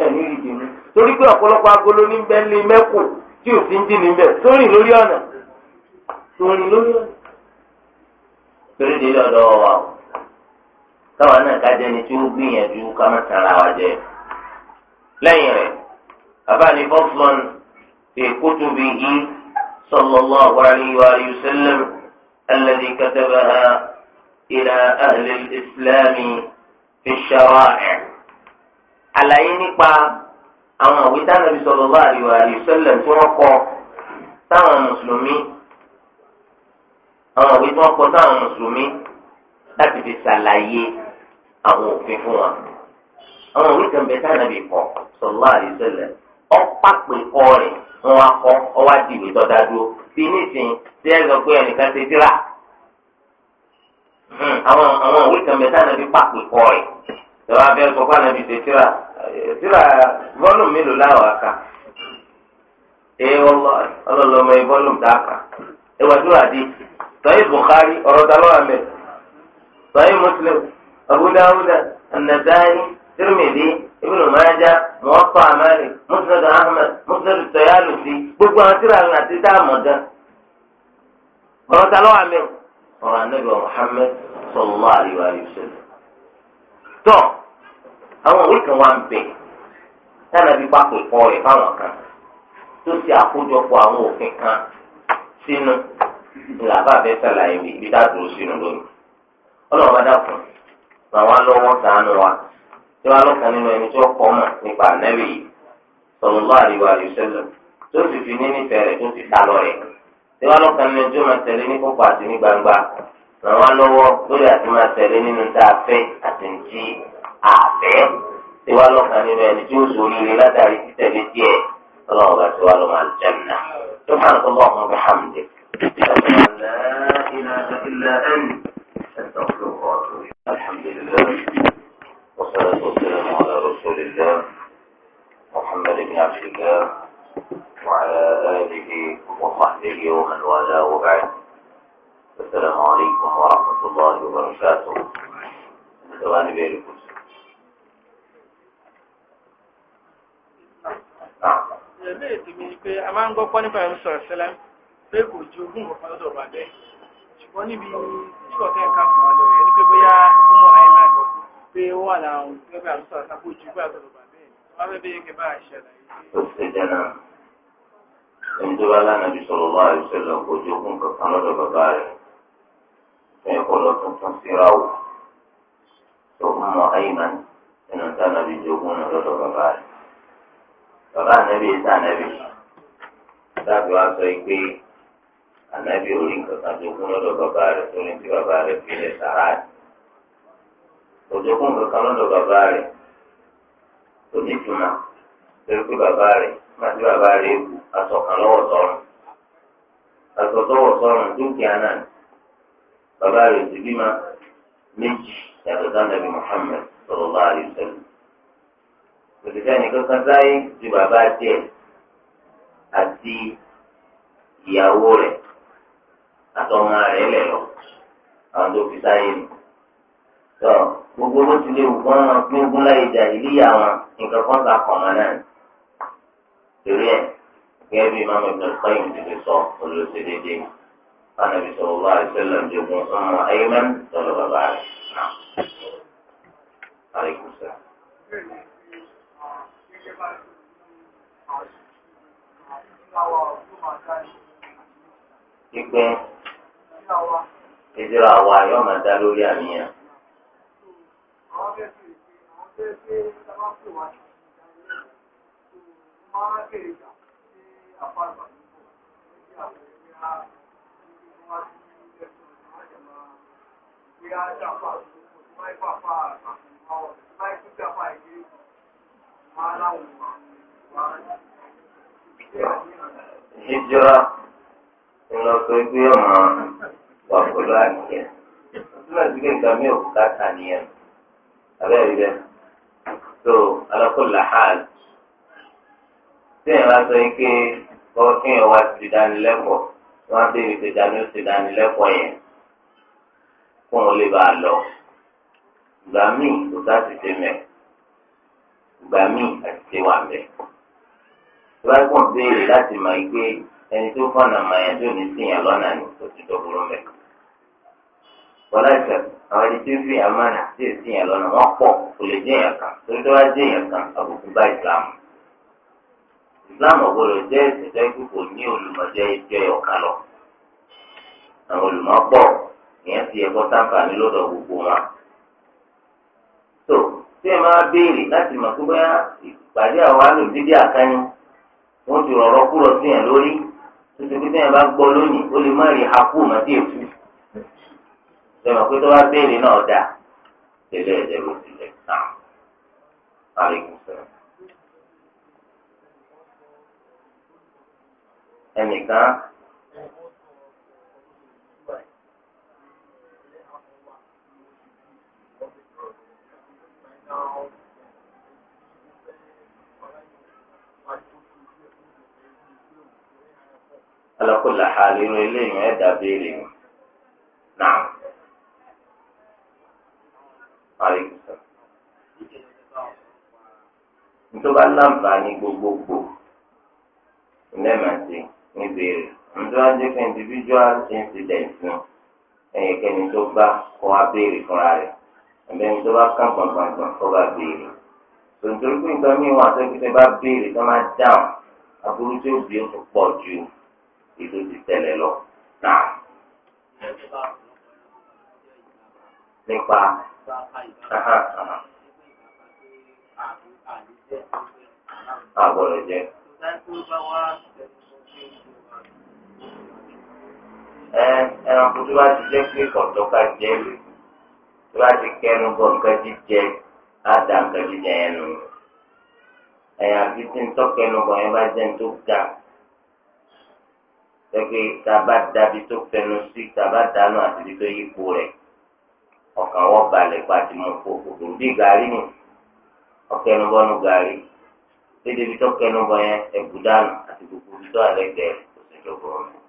ẹ̀ ní rí dìmú torí pé ọ̀pọ̀lọpọ̀ agolo ní bẹ́ẹ̀ lé mẹ́kù tí ò sí ń dín níbẹ̀ sórí lórí ọ̀nà sórí lórí ọ̀nà. torí di lọ́dọ̀ wa o táwa náà ká jẹni tí ó gbìyànjú ká má tara wa jẹ. lẹ́yìn rẹ̀ bàbá ní bọ́flọ́n fi kútùbí yìí sallallahu alayhi wa sallam alladhi katabaha ila ahli al-islam fi ash àlàyé nípa àwọn òwe tánàbí sallallahu alaihi wa sallam tí wọ́n kọ táwọn mùsùlùmí àwọn òwe tí wọ́n kọ táwọn mùsùlùmí láti fi ṣàlàyé àwọn òfin fún wa àwọn òwe kan bẹ tánàbí kọ sallallahu alaihi wa sallam ọ̀pápẹ̀ kọ rẹ̀ wọ́n wá kọ ọwá dìbò tọ́da dúró bí nísìnyí tí ẹ sọ pé ẹnìkan ti dírà hmm, àwọn àwọn òwe kan bẹ tánàbí pàpẹ̀ kọ rẹ̀. tọ́wọ́ abẹ́ kọ́kọ́ ànábì ṣe tíra eh, tíra bọ́ọ̀lù mélòó láwọ̀ àká ee ọlọ́lọ́mọ yìí bọ́ọ̀lù tá a kà ẹwà tíra dé sọ́yìn Bukhari ọ̀rọ̀ ta lọ́wọ́ àmẹ́ sọ́yìn Muslim Abu Dawud an gbogbo àwọn tíra àwọn àti tá a mọ̀ ọ̀rọ̀ ta lọ́wọ́ ọ̀rọ̀ tọ àwọn òwe kan wà ń bẹ tánà bí pápẹ kọ rẹ fáwọn kan tó ṣe àkójọpọ̀ àwọn òfin kan sínú làbá bẹ sàlàyé mi ibi tá a dúró sínú lónìí Ọlọ́run bá dàpọ ràn wá lọ́wọ́ wa tí lọkàn nínú ẹni tó kọ mọ nípa yìí tó sì fi ní nífẹ̀ẹ́ tó sálọ tí ràn wá lọ́wọ́ lórí àti máa tẹ̀lé nínú tá a fẹ́ àti ní tí a fẹ́ tí wá lọ́kàn nínú ẹni tí ó sòríire látàrí títẹ̀lé díẹ̀ ọlọ́run bá ti wá lọ́mọ àlùjánnà tó máa olorun ba lọ kọ́ bọ́ ọkùnrin hàmdè. الحمد لله والصلاة والسلام على رسول الله محمد بن عبد الله وعلى آله وصحبه ومن والاه وبعد السلام عليكم ورحمة الله وبركاته سلام عليكم ولكن يجب ان يكون هناك افضل من اجل ان يكون هناك افضل من اجل ان يكون هناك افضل من اجل ان يكون هناك افضل من اجل ان يكون هناك افضل من اجل ان يكون هناك افضل من اجل ان يكون هناك افضل من اجل ان يكون هناك افضل من اجل ان يكون هناك افضل من اجل ان يكون ان يكون هناك افضل من اجل ان ان يكون هناك افضل من اجل ان ان يكون هناك افضل من اجل ان ان يكون هناك افضل من اجل ان ان يكون هناك افضل من اجل ان ان يكون هناك افضل من اجل ẹ̀kọ́lọ́ tuntun síra wò tó ń mọ ẹ̀yìnmán nínú táwọn ibi jogún náà lọ́dọ̀ bàbá rẹ̀. bàbá ànábì ẹ̀sán wá sọ pé ànábì orí nǹkan kan jogún lọ́dọ̀ bàbá rẹ̀ tó ní tí bàbá rẹ̀ fi lẹ̀ sàrà rẹ̀. òjogún nǹkan kan lọ́dọ̀ bàbá rẹ̀ kò ní túmọ̀ torí pé bàbá rẹ̀ máa ti bàbá rẹ̀ kú lọ́wọ́ bàbá rẹ̀ ti bímọ méjì yàtọ̀ sànàbí Muhammad sallallahu alaihi wasallam òṣìṣẹ́ nìkan kan sáyé ju bàbá díẹ̀ àti ìyàwó rẹ̀ àtọmọ rẹ̀ lẹ̀ lọ àwọn tó fi sáyé nù tọ gbogbo bó ti lè wù kán wọn pín ogún láyé jà ìlíyà wọn nǹkan kan kà kàn wọn náà torí ẹ̀ gẹ́gẹ́ bí Imam Ibn al ti fi sọ olùsèdèdè yìí. النبي صلى الله عليه وسلم جبن أم أيمن طلب بعد نعم عليكم السلام Ìpín ìdíra wa yóò máa dá lórí àníyàn. Hijira ìlọ sọ pé ọmọ wà pẹ̀lú àníyàn. Ìtumọ̀ sí pé nǹkan mi ò bùkátà nìyẹn. Abẹ́rẹ́ bẹ́ẹ̀. So alákó làhàl. Sẹ́yìn wá sọ pé kọ́ kí ẹ̀ wá sí ìdánilẹ́kọ̀ọ́ wọn béèrè pé ta ni ó ti dánilẹ́kọ̀ọ́ yẹn fún olè bá a lọ ìgbà míì kò sá ti ṣe mẹ ìgbà míì àti ṣe wà mẹ ìwádìí kan béèrè láti mọ ìgbé ẹni tó fọnà màyà tó ní síyàn lọ́nà ni kò ti dọ̀gbọ́rọ̀ mẹ. bọ́lá ìṣẹ̀ àwọn ẹni tí ń fi àmàlà sí èsì yẹn lọ́nà wọ́n pọ̀ kò lè jẹ́ èèyàn kan torí tó bá jẹ́ èèyàn kan àbùkù bá ìsìlámù islam ọ̀gbọ́dọ̀ jẹ́ ẹ̀sìn tó ikú kò ní olùmọ̀jẹ́ ẹjọ́ ọ̀kan lọ. àwọn olùmọ̀ pọ̀ ìyẹn ti ẹ̀kọ́ sáǹfààní lọ́dọ̀ gbogbo wọn. tó tí ẹ máa béèrè láti mọ̀ pé bóyá ìpàdé àwọn alòdìdí àkányú wọ́n ti rọ̀rọ̀ kúrọ̀ sí yẹn lórí tuntun pé bẹ́ẹ̀ bá gbọ́ lónìí ó lè má rí akú mọ́ sí èkú. ṣe mọ̀ pé tó bá béèrè náà dà tẹ́lẹ̀ ẹ̀jẹ̀ ló ti lẹ̀ náà. ẹnìkan. alakola hali irun eléyìí ẹ dàbí rè wọn náà àríkùsọ nítorí aláǹfààní gbogbogbò ilé màá ní ìbéèrè nítorí ajé pé individual incident náà ẹnikẹ́ni tó bá kọ́ abéèrè fúnra rẹ̀ ẹ̀mẹ́ni tó bá kàn gbọ̀ngbọ̀ngbọ̀n kọ́ bá béèrè tòǹtòrí pé nǹkan mi wà tó kíkẹ́ bá béèrè tó máa dáhùn aburú tí ó bí ó tún pọ̀ ju ètò ti tẹ̀lẹ̀ lọ náà. nípa àgbọ̀rọ̀ jẹ́. ẹranko tó bá ti jẹ́ pé kọ̀tọ́ ká jẹ́ rè tó bá ti kẹnu bọ̀ nǹkan jíjẹ á da nǹkan jíjẹ yẹn nù. ẹ̀yà àti tí ń tọ́kẹnu bọ̀ yẹn bá jẹ́ tó ga pẹ́pẹ́ tá a bá dábi tó fẹnu sí tá a bá dáná àti ibi tó yípo rẹ̀ ọkàn wọ́n balẹ̀ pa ti mú kó kòkòrò bí gàrí nù ọkẹnu bọ́ nù gàrí dédé ibi tọ́kẹnu bọ̀ yẹn ẹ̀gúdánù àti gbogbo ibi tó àlẹ́ gbẹ̀ẹ́ kò sí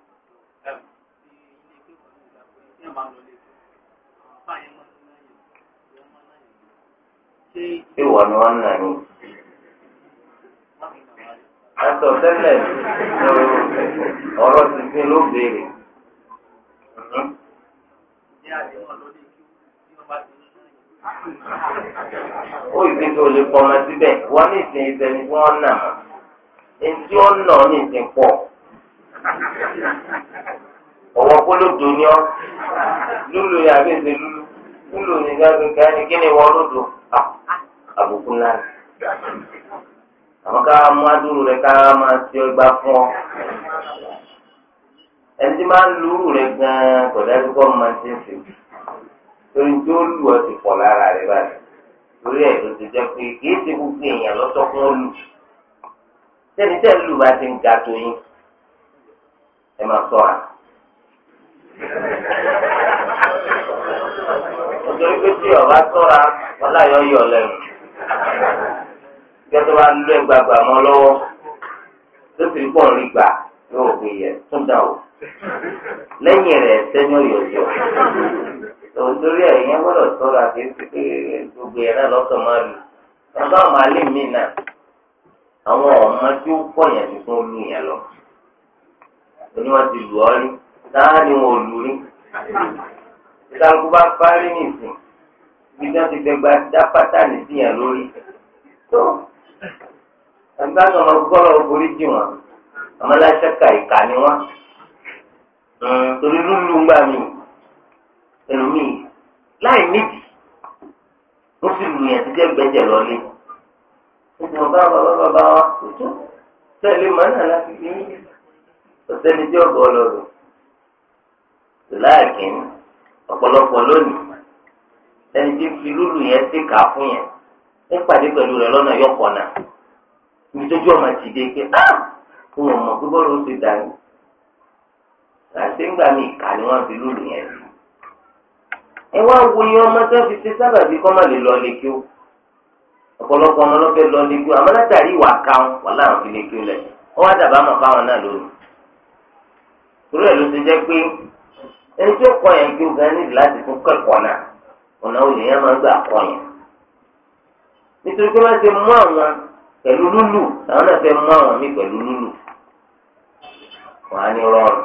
ní ni wọn nà ní. Àtọ̀ tẹ́lẹ̀ ọ̀rọ̀ ti fi ló béèrè. Ó ìdí tó lè pọnmọ síbẹ̀, wọ́n ní ìsìn ìsẹ̀ni tí wọ́n nà. Èyí tí wọ́n nà ní ìsìn pọ̀ ọwọ́ kólódò ni ọ́ lulu ni àbí ẹsẹ̀ lulu lúlù ni gángan gángan kí ni wọ́n lódò àbùkù ńlá àmọ́ ká mú adúrú rẹ̀ ká máa ti ọgbà fún ọ ẹni tí máa ń lúrù rẹ̀ gan-an kọ̀dá tó kọ́ máa ti ń fè torí tí ó lù ọ ti pọ̀ lára rẹ̀ báyìí torí ẹ̀ ló ti jẹ́ pé kìí ṣe gbogbo èèyàn lọ́sọ̀ fún ọ lù sẹ́ni tẹ́ lù bá ti ń ga tó yín ẹ máa sọ̀rọ̀ nítorí pé tí ọba sọ́ra ọlá yọ yọ lẹ́nu gbẹ́tọ́ bá lé gbàgbà mọ́ lọ́wọ́ tó ti pọ̀ ń rí gbà yóò fi yẹ tún dà o lẹ́yìn rẹ̀ sẹ́ni ọ̀yọ̀yọ̀ lórí ẹ̀yìn gbọ́dọ̀ sọ́ra kí gbogbo yẹn náà lọ́sọ̀ máa lù bàbá àwọn alẹ́ mi náà àwọn ọmọ tí ó pọ̀ yẹn ti fún olú yẹn lọ oníwọ̀n lù ọ́ rí náà ni wọn ò lù rí ìtàkùn bá parí nìsín ìjọ ti fẹ́ gba dá pátánì sí yẹn lórí tó ẹgbẹ́ àwọn ọmọ gbọ́dọ̀ orí jì wọ́n àmọ́ láṣẹ ka ìka ni wọ́n hmm, torí lúlu ń gbà mí ẹlòmíì láì níbi ó sì lù yẹn ti jẹ́ gbẹ́jẹ̀ lọ́lé ó sì mọ̀ bá bàbá bàbá wa tó tẹ̀lé mọ́nà láti fi ọ̀sẹ̀ ni tí ọ̀gọ́ ọlọ́run. láàkín ọ̀pọ̀lọpọ̀ lónìí ẹni tí fi lúlù yẹn sí kà fún yẹn ní pàdé pẹ̀lú rẹ̀ lọ́nà yọkọ̀ náà ní tójú ọmọ ti dé pé á fún gbogbo ló ti dání làṣẹ́ngbà mi ìka ni wọ́n fi lúlù yẹn ẹ wá wo ọmọ tó fi ṣe kọ́ má lè lọ lè kí o ọ̀pọ̀lọpọ̀ ọ wá dàbá mọ̀ fáwọn náà lónìí. torí ẹ̀ ló ti jẹ́ pé ẹni tí ó kọ́ yẹn kí o gan níbi láti tún kẹ́kọ̀ọ́ náà ọ̀nà olè yẹn máa ń gbà kọ́ yẹn nítorí pé wọ́n ti mú àwọn pẹ̀lú lúlù àwọn náà fẹ́ mú àwọn mi pẹ̀lú lúlù wọ́n á ní rọrùn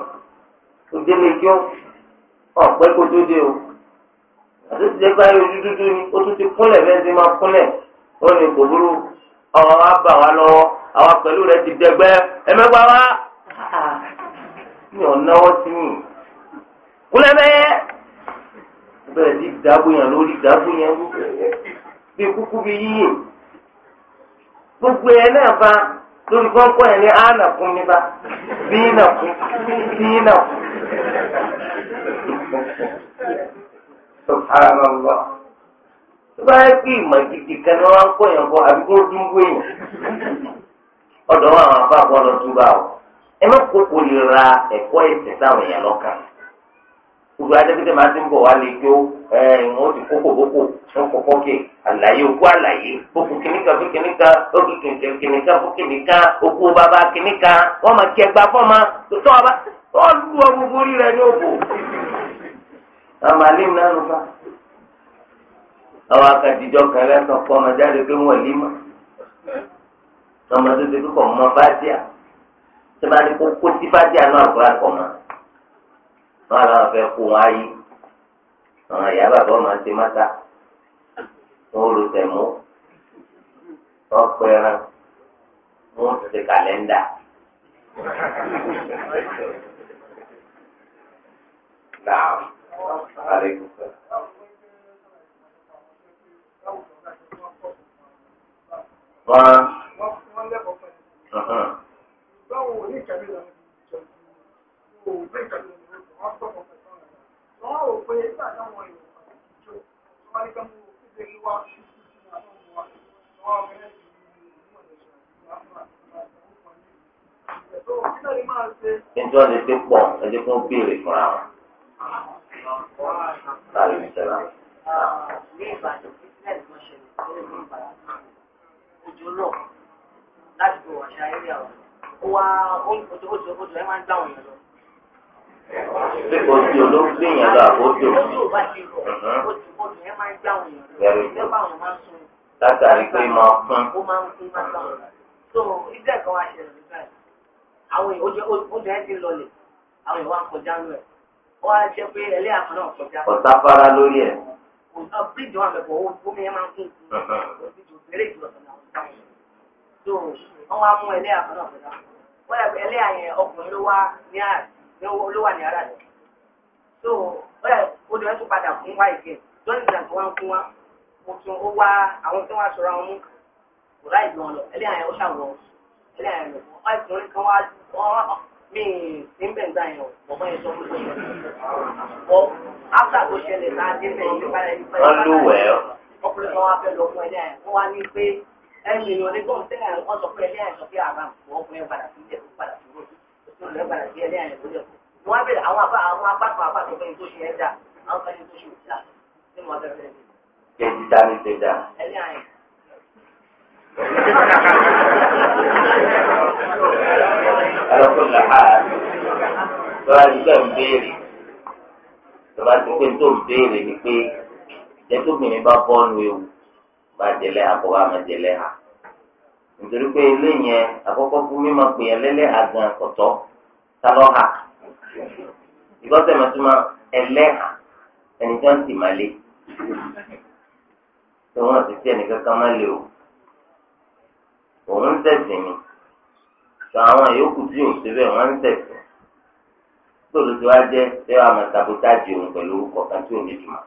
tó délé kí ọ̀pẹ́ kó tó dé o àti ti dẹ́gbà yóò dúdú dúdú ni ó tún ti kúnlẹ̀ bẹ́ẹ̀ ti máa kúnlẹ̀ wọ́n ní kò burú ọ̀rọ̀ wa bà wá lọ́wọ́ àwa pẹ̀lú rẹ̀ ti dẹ́gbẹ́ ẹ̀mẹ́gbà wá mi ò náwó sí mi. kúlẹ́bẹ́ bẹ́ẹ̀ ti dàbò yẹn lórí dàbò yẹn bí kúkú bí yíyìn gbogbo yẹn náà bá lórí kọ́ńkọ́ yẹn ní na mi bá bí nàkún bí nàkún. subhanallah tó bá yẹ kí ìmọ̀ gidi kan náà wá ń yẹn kọ́ àbí kó dún wọn àwọn lọ ẹ má kó ẹ̀kọ́ sáwọn yẹn lọ́kàn. gbogbo adébíté máa ti ń bọ̀ wá lè jó ẹ̀yìn ó ti kókò bókò ní kọ̀kọ́ kí àlàyé òkú àlàyé òkú kìnìkan fún kìnìkan òkú kìnìkan fún kìnìkan òkú bàbá kìnìkan wọ́n máa kí ẹgbà fọ́ọ̀mà tó ọba tó lu ọ gbogbo orí rẹ ní òkú. àmàlí náà ló bá àwọn akadìjọ kan lẹ́sàn kọ́ ọmọ jáde pé wọ́n lè mọ́ ọmọ tó ti kọ́ ọmọ bá tó bá ní kó kó sí bá náà wọn làwọn fẹ́ kó wọn ayé àwọn ìyá bàbá wọn máa ń ṣe mọ́ta wọn lò tẹ̀mú wọn pẹran wọn ṣe kàlẹ́ndà. Naam. Aleykum salaam. Ìjọ lè ti pọ̀ ẹjẹ́ fún béèrè fúnra wọn. Láàrin ìṣẹ̀lá. Ní Ìbàdàn, ìpínlẹ̀ ìgbọ́n ṣẹlẹ̀ lórí Ìbàdàn. Òjò lọ láti bò wàṣà eré àwọn. Ó wá ó jọ ó jọ ó jọ ẹ máa ń gbà wọ̀nyẹn lọ bí kò sí olóògbé yẹn lọ àbójò yẹrù látàrí pé máa kún. so ìgbẹ́ kan wá ṣẹlẹ̀ nígbà yìí àwọn oúnjẹ oúnjẹ ẹ ti lọlẹ̀ àwọn ìwà ń kọjá lọ ẹ̀ wọ́n á jẹ́ pé ẹlẹ́yà kan náà kọjá. ọ̀tá fara lórí ẹ̀. kò sọ bíríjì omi yẹn máa ń kún un bíríjì òfin eré náà kọjá so wọ́n wá mú ẹlẹ́yà kan náà kọjá wọ́n ẹlẹ́yà yẹn ọkùnrin ló wá ní àárẹ̀ ló wà ní ara rẹ̀ so ọ̀rẹ́ odò ẹ̀ tún padà fún wáyé díẹ̀ lọ́nà ìgbà tó wọ́n fún wa mo tún ó wá àwọn tí wọ́n aṣọra wọn mú kò láì lọ lọ ẹlẹ́yìn àyẹ̀wò ṣàwọ̀ ẹlẹ́yìn àyẹ̀wò ọkùnrin kan wá mí ní bẹ̀ǹdà o bọ̀bá yẹn sọ fún mi ọ áfà tó ṣẹlẹ̀ náà dé bẹ̀yìn nípa ẹni pẹ́ ọkùnrin kan wá fẹ́ lọ fún ẹlẹ́yìn wọ́n wá ní pé ẹ̀yìn ìrìn onígbọ̀n tẹ́lẹ̀ wọ́n sọ pé ẹlẹ́yìn sọ pé àbá ọkùnrin padà sí ìjẹ̀kú padà náà lọ́ọ́ padà sí ẹlẹ́yà yẹn lórí ọ̀pọ̀. mo wá bèrè àwọn apá àwọn apá kan apá kan tó ṣe ẹ̀dá àwọn kan tó ṣe òṣìṣà ní mo bẹ̀rẹ̀ bẹ̀rẹ̀. kejì dání ti dá. ẹlẹ́yà yẹn. ẹlọ́kùn làhà lọ́wọ́ àdúgbò ń béèrè lọ́wọ́ àdúgbò tó ń béèrè ni pé jẹ́tóbìnrin bá bọ́ọ̀lù ewu bá jẹ́lẹ́ àkọ́bá máa jẹ́lẹ́ nítorí pé ilé yẹn àkọ́kọ́ fún mímọ pé ẹlẹ́lẹ́ àgàn ọ̀tọ̀ ta lọ́ hà ìgbọ́sẹ̀ mọ̀túmọ̀ ẹlẹ́hà ẹni tó ń tì má lé tí wọ́n ti tí ẹnìkan kan má lé o òun ń tẹ̀sìn ni sọ àwọn yòókù tí yóò ṣe bẹ́ẹ̀ wọ́n ń tẹ̀sìn gbọ́dọ̀ tí wàá jẹ́ ṣé wàá máa sabotage òun pẹ̀lú orúkọ tí ò ní jùmọ̀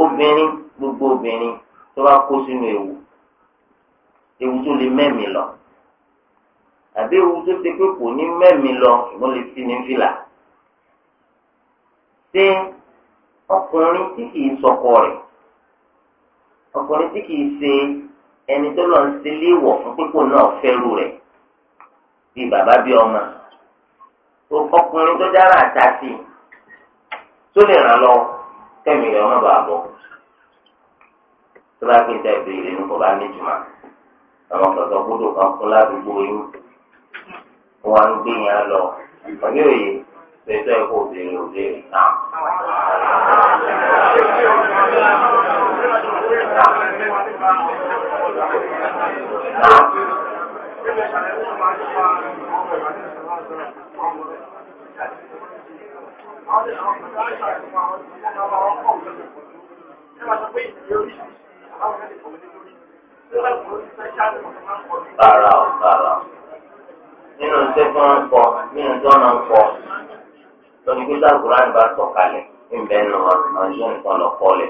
obìnrin gbogbo obìnrin tó bá kó sínú ewu ewu tó lè mẹ́mi lọ àbí ewu tó ṣe pé kò ní mẹ́mi lọ ìmọ̀ lè fi ní fìlà ṣé ọkùnrin tí kìí sọkọ rẹ̀ ọkùnrin tí kìí ṣe ẹni tó lọ ń ṣe léèwọ̀ fún pípò náà fẹ́rù rẹ̀ bíi bàbá bíi ọmọ ọkùnrin tó dára àtàtì tó lè ràn lọ kẹ́mi rẹ̀ ọmọ bàbọ̀ tó bá gbé ìta ìbéèrè nù kò bá níjùmọ̀ àwọn kọ̀tọ̀ gbọ́dọ̀ kan fún ládùúgbò yín wọn ń gbé yẹn lọ òní òye pẹ̀tọ́ ẹ̀kọ́ obìnrin obìnrin náà. Thank you. Rárá o, rárá o. Nínú iṣẹ́ tí wọ́n ń kọ, nínú tí wọ́n ń kọ, lórí pé sáàkùrá ni bá sọ̀ kalẹ̀ níbẹ̀ nù ọ̀nà ìṣe nǹkan lọ kọ́lẹ̀.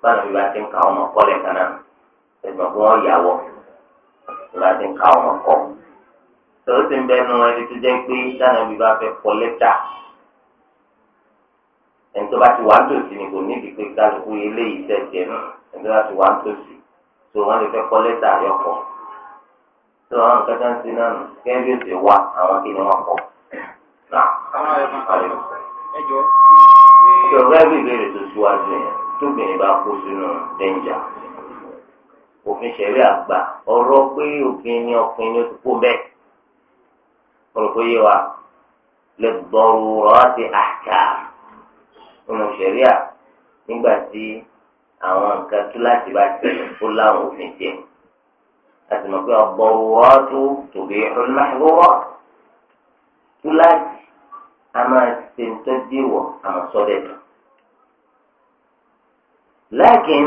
Báwo ni bá ti ń ka ọmọ kọ́lẹ̀ kan náà? Ẹ̀gbọ́n fún wọn yàwọ̀. Bá ti ń ka ọmọ kọ́. Tòun ti ń bẹ nù ẹni tó jẹ́ pé sáànà bí bá fẹ́ kọ lẹ́tà. Ẹni tó bá ti wá tòsí ni kò ní ìdí pé kálukú eléyìí tẹ̀sí ẹ̀ Ẹni tó bá ti wá tòsí tó wọn lè fẹ́ kọ́ lẹ́tà yọkọ̀ tó wọn nǹkan tó ń sin náà kẹ́ bí ó ti wá àwọn kí ni wọ́n kọ́ náà. ìjọba ẹbí ìbéèrè tó síwájú yẹn tóbìnrin bá kó sínú dẹ́njà òfin ṣẹ̀rí àgbà ọ̀rọ̀ pé òfin ni ọkùnrin ni ó ti kó bẹ́ẹ̀ ọ̀rọ̀ pé yé wa lè gbọ́rù rọ́ọ̀tì àṣà nínú ṣẹ̀rí à nígbà tí àwọn nǹkan kíláàsì bá tẹ̀lé ó láwọn òfin tiẹ̀ láti mọ̀ pé ad-daruratu tubihu al-mahdurat kíláàsì a máa ṣe ń tọ́jú ìwọ̀ àmọ́ sọ́dẹ̀ tó. لكن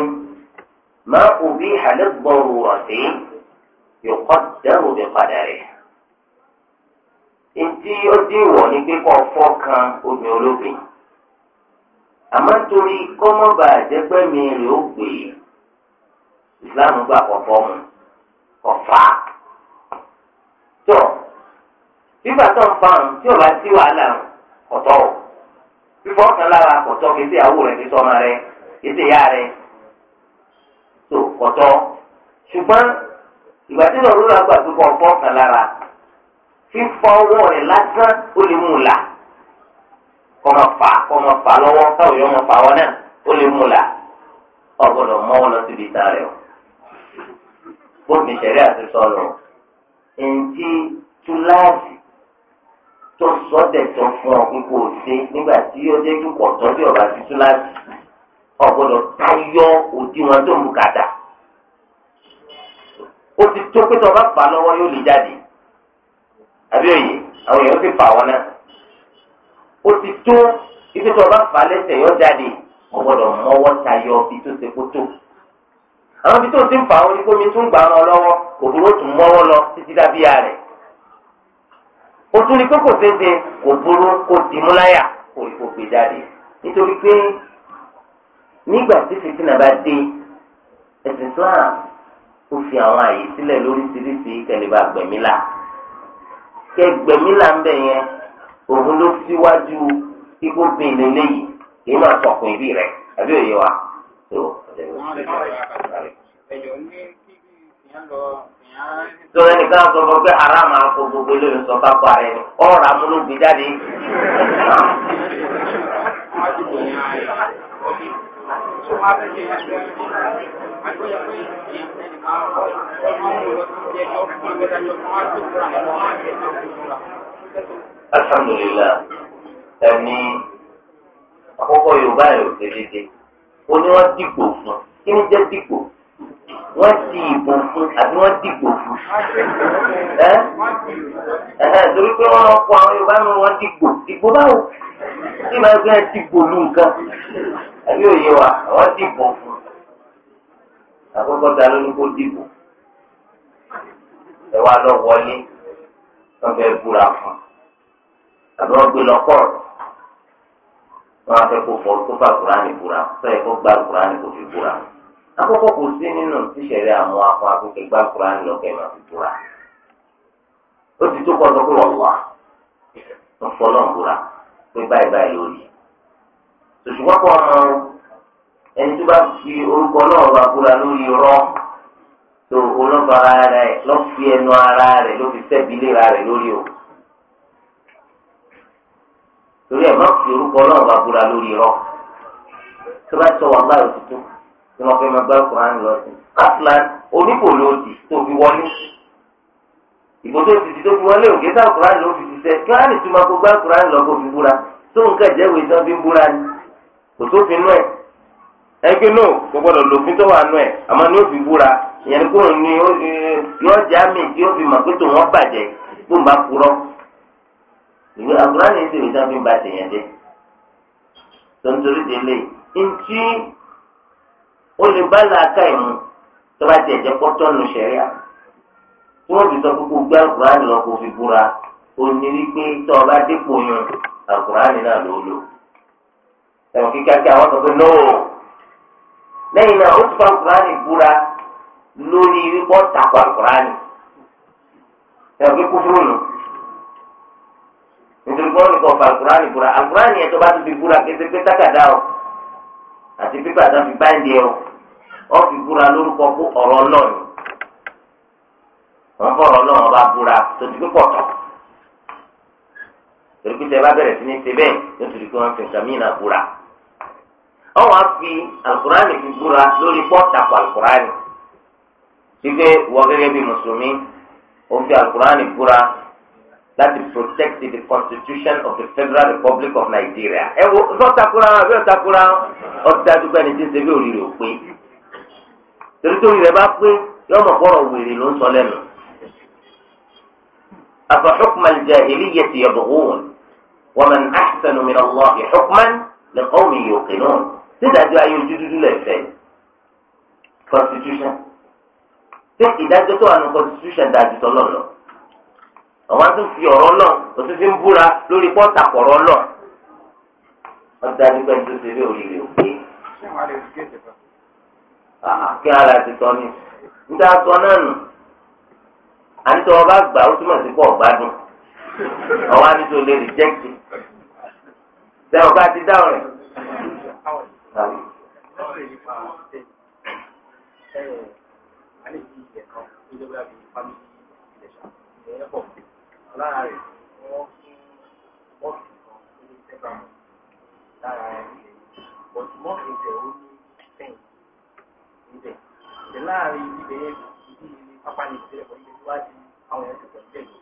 ما أبيح للضرورة يقدر بقدره ntí ó dín ìwọ̀ ní pípọ̀ fọ́ kan obìnrin olóbìn àmọ́ torí kọ́mọ́bà àjẹgbẹ́ mi rè ó gbé ìsìláàmù e, gbà kọ̀ọ̀kọ́ mu ọ̀fà tó bíbà tó ń fa àrùn tí ọba tí wàhálà ń kọ̀tọ́ o fífọ́ kan lára kọ̀tọ́ kì í ṣe àwò rẹ̀ kì í sọ́mọ rẹ̀ kì í ṣe ìyá rẹ̀ tó kọ̀tọ́ ṣùgbọ́n ìgbà tí lọ́ọ́ rúra gbà pé kọ̀ọ̀kọ́ kan lára fífọ́ ọwọ́ rẹ̀ lásán ó lè mú un là kọ́mọ fà kọ́mọ fà lọ́wọ́ káwọn yọmọ fà wọn náà ó lè mú la ọgbọ́dọ̀ mọ́ wọn lọ síbi ìtàn rẹ̀ o. bóbi ìṣẹ̀lẹ̀ àti sọ̀rọ̀ ẹ̀ǹtí túláàsì tó sọ́dẹ̀tọ̀ fún ọkùnrin kò ṣe nígbà tí ó dé kí kọ̀tọ́ bí ọba ti túláàsì ọgbọ́dọ̀ táyọ òdiwọ̀n tó ń bùkátà. ó ti tó pé tó bá fà lọ́wọ́ yóò lè jáde àbí òye àwọn èèyàn fà wọn náà ó ti tó ibi tó bá fà lẹ́sẹ̀ yọ jáde wọ́n gbọ́dọ̀ mọ́wọ́ tayọ ibi tó ṣe kó tó. àwọn ibi tó ti ń fà ó ní kómi tún gbà wọn lọ́wọ́ òbúrò tún mọ́wọ́ lọ títí dábíyà rẹ̀. ó tún ní pé kò ṣeéṣe kò burú kò dìímú láyà kò rí kò gbé jáde nítorí pé nígbà tí fìtínà bá dé ẹ̀sìn Islam ó fi àwọn àyè sílẹ̀ lóríṣiríṣi kẹlẹ́bà gbẹ̀mílà kẹ gbẹ̀mílà ń bẹ̀ yẹn òun ló síwájú ikú bíi lélẹ́yìí kì í máa sọkùn ìbí rẹ̀ àbí òye wa. sọ̀rọ̀ nìkan sọ fún pé ara máa kó gbogbo eléyìí sọ ká pa rẹ̀ ọ̀rọ̀ amúlógbè jáde. Thank you alhamdulilayi ẹni àkọ́kọ́ yorùbá yẹn ò ṣe déédéé ó ní wọ́n dìgbò fún kí ni jẹ́ dìgbò wọ́n ti ìbò fún àbí wọ́n dìgbò fún ẹ ẹ torí pé wọ́n kọ àwọn yorùbá mi wọ́n dìgbò dìgbò báwo tí màá gbé dìgbò lù nǹkan àbí òye wa wọ́n dìgbò fún àkọ́kọ́ ta ló ní kó dìgbò ẹ wá lọ wọlé wọ́n fẹ́ búra fún tàbí wọ́n gbé lọ kọ́ọ̀tù wọ́n á fẹ́ kó fọ kó fà kúránì búra sọ́yẹ́ kó gbá kúránì kò fi búra àkọ́kọ́ kò sí nínú tíṣẹ̀rẹ́ àwọn akọ akókè gbá kúránì lọ́kẹ́ máa fi búra ó ti tó kọ́ sọ́kúrò ọ̀wà wọ́n fọ́ náà búra pé báyìí báyìí lórí òṣùwọ́n kọ́ ọmọ ẹni tó bá fi orúkọ náà bá búra lórí rọ́ tó olóńgbà ara rẹ̀ lọ́ fi ẹnu ara rẹ̀ ló fi sẹ́bi léra rẹ̀ lórí o torí ẹ̀ má fi orúkọ náà wà búra lórí rọ tó bá sọ wà báyìí tuntun tí wọ́n fẹ́ máa gbá Kùránì lọ sí kásìlán oníbò ló di tó fi wọlé ìbò tó ti di tó fi wọlé òkè sáà Kùránì ló fi ṣiṣẹ́ kí wọ́n á lè túmọ̀ kó gbá Kùránì lọ kó fi búra tó nǹkan ìjẹ́wèé tán fi ń búra ni kò sófin nú ẹ̀ ẹgbẹ́ náà kò gbọ́dọ̀ lòfin tó wà nú ẹ̀ àmọ́ ni ó fi búra ìyẹn kúrò ní eh, yọjà mi tí ó fi mọ̀ pé tòun ọ bàjẹ́ tó ń bá purọ́ ìwé àkùránì ń sèwé sáfì ń ba tèèyàn jẹ tontori délé ntí ó lè bá làákà ìmú tó bá tiẹ̀ jẹ́ pọ́tọ́nù sẹ́ríà tí wọ́n fi sọ pé kó gbé àkùránì lọ kó fi búra òní wípé tó o bá dépò yun àkùránì náà ló lò ẹ̀wọ̀n kíkàkí àwọn sọ pé nóò lẹ́yìn náà ó ti fa àkùránì búra lórí wípé ó takò àkùránì ẹ̀wọ̀n kíkú fúrò nù nítorí pé ọ̀nìkan fa alukurani búra alukurani yẹn tó bá ti fi búra kété pé tákàdá o àti pípẹ́ àti fi báyìí o ọ fi búra lórúkọ kó ọ̀rọ̀ náà ni wọ́n fọ̀rọ̀ náà wọ́n bá búra tó ti pípọ̀ tán torí pé tẹ bá bẹ̀rẹ̀ sí ní ṣe bẹ́ẹ̀ nítorí pé wọ́n fi nǹkan mìíràn búra ọ̀hún fi alukurani fi búra lórí pọ́ọ̀tàkù alukurani wípé wọ́n bí mùsùlùmí ó fi alukurani búra láti protect the constitution of the federal republic of nigeria. ẹ wo sọ́takura àbí ọ̀takura ọ̀tadúgba ẹni tí ń ṣe bí òrìrì ò pé torí tó rírẹ̀ bá pé yọmọ kọ́rọ̀ wèrè ló ń sọ lẹ́nu. أفحكم الجاهلية يبغون ومن أحسن من الله حكما لقوم يوقنون تدعي أي جدد لفين constitution تدعي أن constitution تدعي تلولو àwọn tó fi ọ̀rọ̀ náà òtún ti ń búra lórí pọ́ńtà kọ̀rọ̀ náà wọ́n dájú pé tó ṣe bí òrìrì òkè. kí ara ti tọ́ ni níta sọ náà nù àníṣe ọba gbà ó túmọ̀ sí pọ̀ gbádùn ọwọ́ àníṣe olè rìjẹ́kì ṣé ọba ti dáhùn rẹ̀. Àlejò ìjẹ̀kan ìjọba bíi fámìlì ìjẹ̀sà ẹ̀ẹ́pọ̀ lára rẹ̀ wọ́n fún mọ́ọ̀kì kan ní sẹ́fà lára rẹ̀ but mọ́ọ̀kì tẹ̀ ó ní fẹ́ǹsì níbẹ̀ ìdè láàrin ibẹ̀ yẹn ibi ilé pápá ní ìbílẹ̀ pọ̀ ibi tí wàá di àwọn ẹ̀sìn pọ̀ níbẹ̀ yìí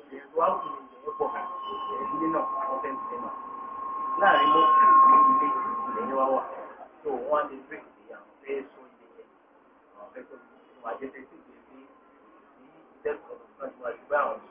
ilẹ̀ tó wá kù ní ilẹ̀ yẹn pọ̀ ẹ̀ ilé náà wọ́n fẹ́ǹsì ilé náà láàrin mọ́ọ̀kì ní ilé ilẹ̀ yẹn wá wà tó wọ́n á lè bírè ìyàwó fẹ́ sọ ilé yẹn àwọn fẹ́ sọ ilé yẹn wọ́n á jẹ́ fẹ́ sí ilé yẹn ní ìdẹ́kọ̀ọ́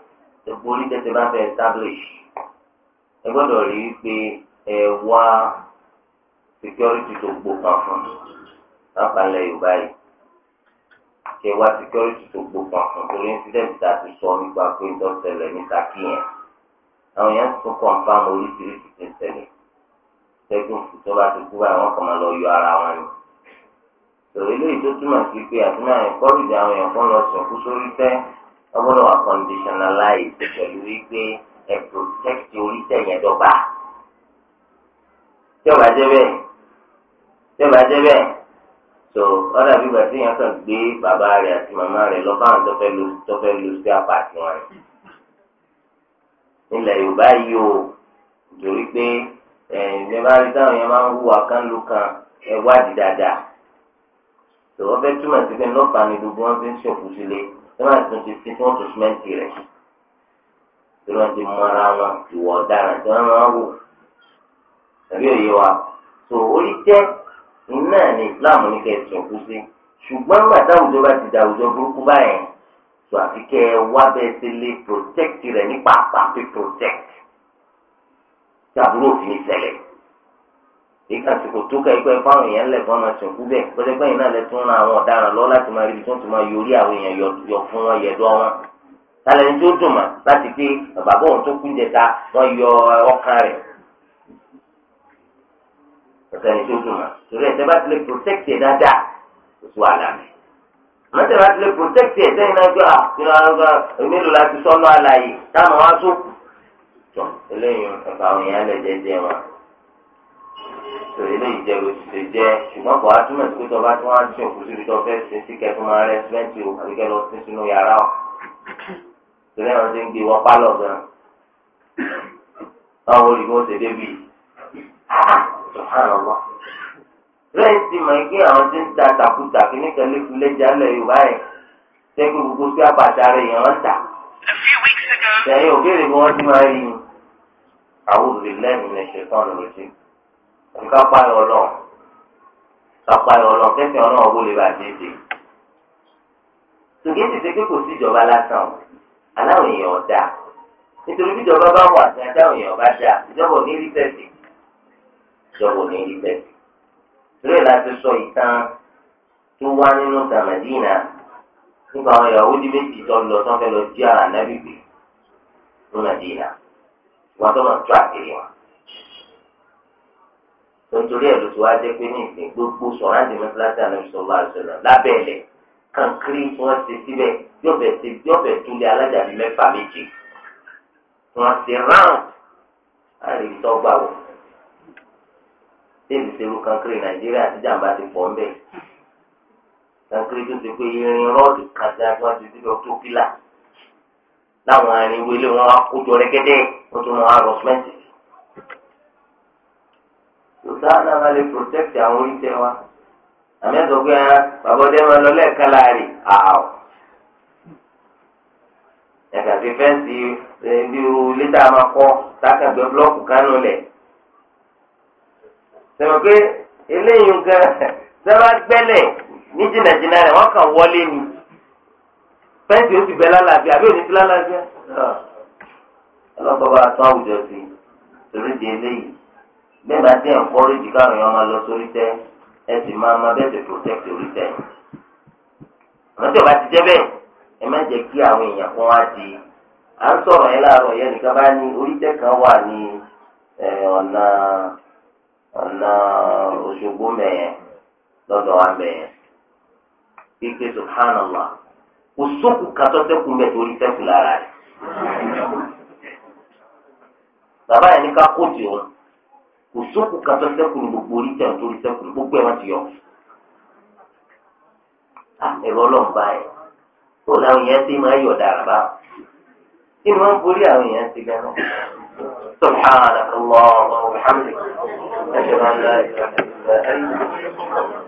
gbogbo orí tẹ̀sẹ̀ bá fẹ́ establish ẹ gbọ́dọ̀ rí i pé ẹ wá security tó gbópa fún lápalẹ̀ yorùbá yìí kí ẹ wá security tó gbópa fún torí incident tá a ti sọ nípa pé ń tọ́sẹ̀lẹ̀ ní Ṣakí yẹn àwọn yẹn tún confam oríṣiríṣi ti ń ṣẹlẹ̀ ṣẹ́gun tó bá ti kú báyìí wọ́n kàn máa lọ yọ ara wọn ni tòun eléyìí tó túmọ̀ sí pé àtúnáyẹn kọ́rìdì àwọn èèyàn kan lọ sọ̀kú sórí tẹ́ ọgbọ́dọ̀ wà conditionalize pẹ̀lú wípé ẹ protect oríṣẹ́ yẹn dọ́gba. tí ọba jẹ́ bẹ́ẹ̀ tí ọba jẹ́ bẹ́ẹ̀ so ọ̀dà bí gbàtí yẹn kàn gbé bàbá rẹ̀ àti màmá rẹ̀ lọ báwọn tó fẹ́ lu tó fẹ́ lu sí apàtì wọn. nílẹ̀ Yorùbá yìí o nítorí pé ẹ̀ẹ́dẹ́ bá rí táwọn yẹn máa ń hùwà kánlu kan ẹ wádìí dáadáa. tòwọ́ fẹ́ túmọ̀ sí pé nọ́ọ̀fà ni gbogbo wọn fi ń ṣòkú sílé wọ́n á tún ti fi tí wọ́n tún símẹ́ǹtì rẹ̀ tí wọ́n ti mọ ara wọn ìwọ̀ ọ̀daràn tí wọ́n máa wò tàbí òye wa tó orí jẹ́ iná ní Islam ní kẹ́ ẹ̀ tún kú sí ṣùgbọ́n nígbà táwùjọ bá ti dàwùjọ burúkú báyẹn tó àfi kẹ́ ẹ wá bẹ́ẹ̀ ti lè protect rẹ̀ ní pàápàá pé protect tí àbúrò òfin ìṣẹ̀lẹ̀ ìgbà tí kò tó ká ikú ẹ̀fọ́ àwọn èèyàn lẹ̀kọ́ máa sìn kú bẹ́ẹ̀ kọ́jọ́ pé iná lẹ tún ra àwọn ọ̀daràn lọ láti máa rí ibi tí wọ́n ti máa yorí àwọn èèyàn yọ fún wọn yẹ̀dọ́ wọn. tálẹ̀ ní tó dùn mà láti pé bàbá òun tó kú jẹta wọ́n yọ ọkàn rẹ̀. ọ̀sẹ̀ ní tó dùn mà torí ẹ̀ tẹ́bá ti lè protect ẹ̀ dáadáa kò sí wàhálà mi. àmọ́ tẹ́bá ti lè protect ẹ̀ sẹ́yìn náà gbé mélòó láti sọ́nà àlàyé táwọn wá sókù tò ilé ìjẹun ti ṣe jẹ ṣùgbọ́n kò á túmọ̀ sí pé tó bá tí wọ́n á sìn òkú síbi tó fẹ́ sin sí kẹfún máa rẹ sílẹ̀ǹtì o àbí kẹ lọ sí sínú yàrá o tòlẹ́ wọn ti ń gbé wọn pálọ̀ gan báwo ni wọ́n ṣe débi ṣùgbọ́n lẹ́yìn tí mọ̀ kí àwọn ti ń ta takuta kí ní kẹlẹ́kù lẹ́jà lẹ̀ yorùbá yẹn tẹ́kù gbogbo sí àbàtà rẹ̀ yẹn wọ́n ta sẹ́yìn òkèèrè bí wọ́n ti máa rí nǹkan apáyọ ọlọ́run apáyọ ọlọ́run kẹsàn-án ọlọ́run owó lè bàjẹ́ dé. tòkè ti ṣe pé kò sí ìjọba lásán aláwọ̀ èèyàn ọ̀dà nítorí bí ìjọba bá wà ní adáwọ̀ èèyàn bá dà ìjọba ò ní rí tẹ̀sí ìjọba ò ní rí tẹ̀sí. ìrẹ́ láti sọ ìtàn tó wá nínú tàmàdínà nípa àwọn ìyàwó ní méjì tó lọ tó fẹ́ lọ jí ara nábìgbé ní màdínà wọn tó máa tó àkèrè wọn tontori ẹ̀ ló ti wá jẹ́ pé ní ìsìn gbogbo sọ̀rọ̀ǹdì mẹ́tíláṣí àlẹ́mísọ̀lá àṣẹlẹ̀ lábẹ́ẹ̀lẹ̀ kankiri tí wọ́n ti síbẹ̀ yóò fẹ́ ti yóò fẹ́ túlẹ̀ alájà bíi mẹ́fà méje wọ́n ti ráùn àrègbè tó gbà wọ̀ tẹ́lẹ̀ ṣerú kankiri nàìjíríà ti jàǹbá ti pọ̀ ń bẹ̀ kankiri tó ti pé irin rọ́ọ̀dù kàdá tí wọ́n ti síbẹ̀ tó pílà láwọn arinwélé wọn á kójọ rẹ́gẹ́dẹ́ wọ́n tún wọn á rọ tòtá àdàbà lè protect àwọn oúnjẹ wa àmì ẹ̀sọ́ pé ah, bàbá ọdẹ máa lọ lẹ́ẹ̀kan láàrin àwọ̀ ẹ̀ka sí fẹ́ǹsì bí irú lítà máa kọ́ tákàgbẹ́ búlọ́ọ̀kù kánú lẹ̀ sọ̀rọ̀ pé eléyìí gan sábà gbẹ́lẹ̀ ní jìnnàjìnnà rẹ̀ wọ́n kàn wọlé ni fẹ́ǹsì ó sì bẹ́ lálàáfíà àbí òní ti lálàáfíà ọlọ́pàá bá a tán àwùjọ sí torí di eléyìí. bẹ́ẹ̀ bá ẹ̀ńkọ́rẹ́jì káwọn èèyàn máa lọ sórí tẹ́ ẹ sì máa máa bẹ́ẹ̀ tẹ̀ protect orí tẹ́ àmọ́ tí ti jẹ́ bẹ́ẹ̀ ẹ má jẹ́ kí àwọn èèyàn kan wá di à ń sọ̀rọ̀ yẹn láàárọ̀ yẹn nìkan bá ní orí tẹ́ kan wà ní ọ̀nà ọ̀nà Òṣogbo mẹ́yẹn lọ́dọ̀ wa mẹ́yẹn kéèké subhanallah kò sókù kàtọ́ sẹ́kù mẹ́tò orí sẹ́kù lára rẹ̀ bàbá yẹn ní ká kò sókù kàtọ́ sẹ́kùn gbogbo orí tẹ̀ tó rí sẹ́kùn gbogbo ẹ̀ wá ti yọ. ẹ̀rọ ọlọ́mùbá ẹ̀ kó làwọn èèyàn ti máa yọ̀ dára bá kí ni wọ́n borí àwọn èèyàn ti gan سبحانك اللهم وبحمدك أشهد أن لا إله إلا أنت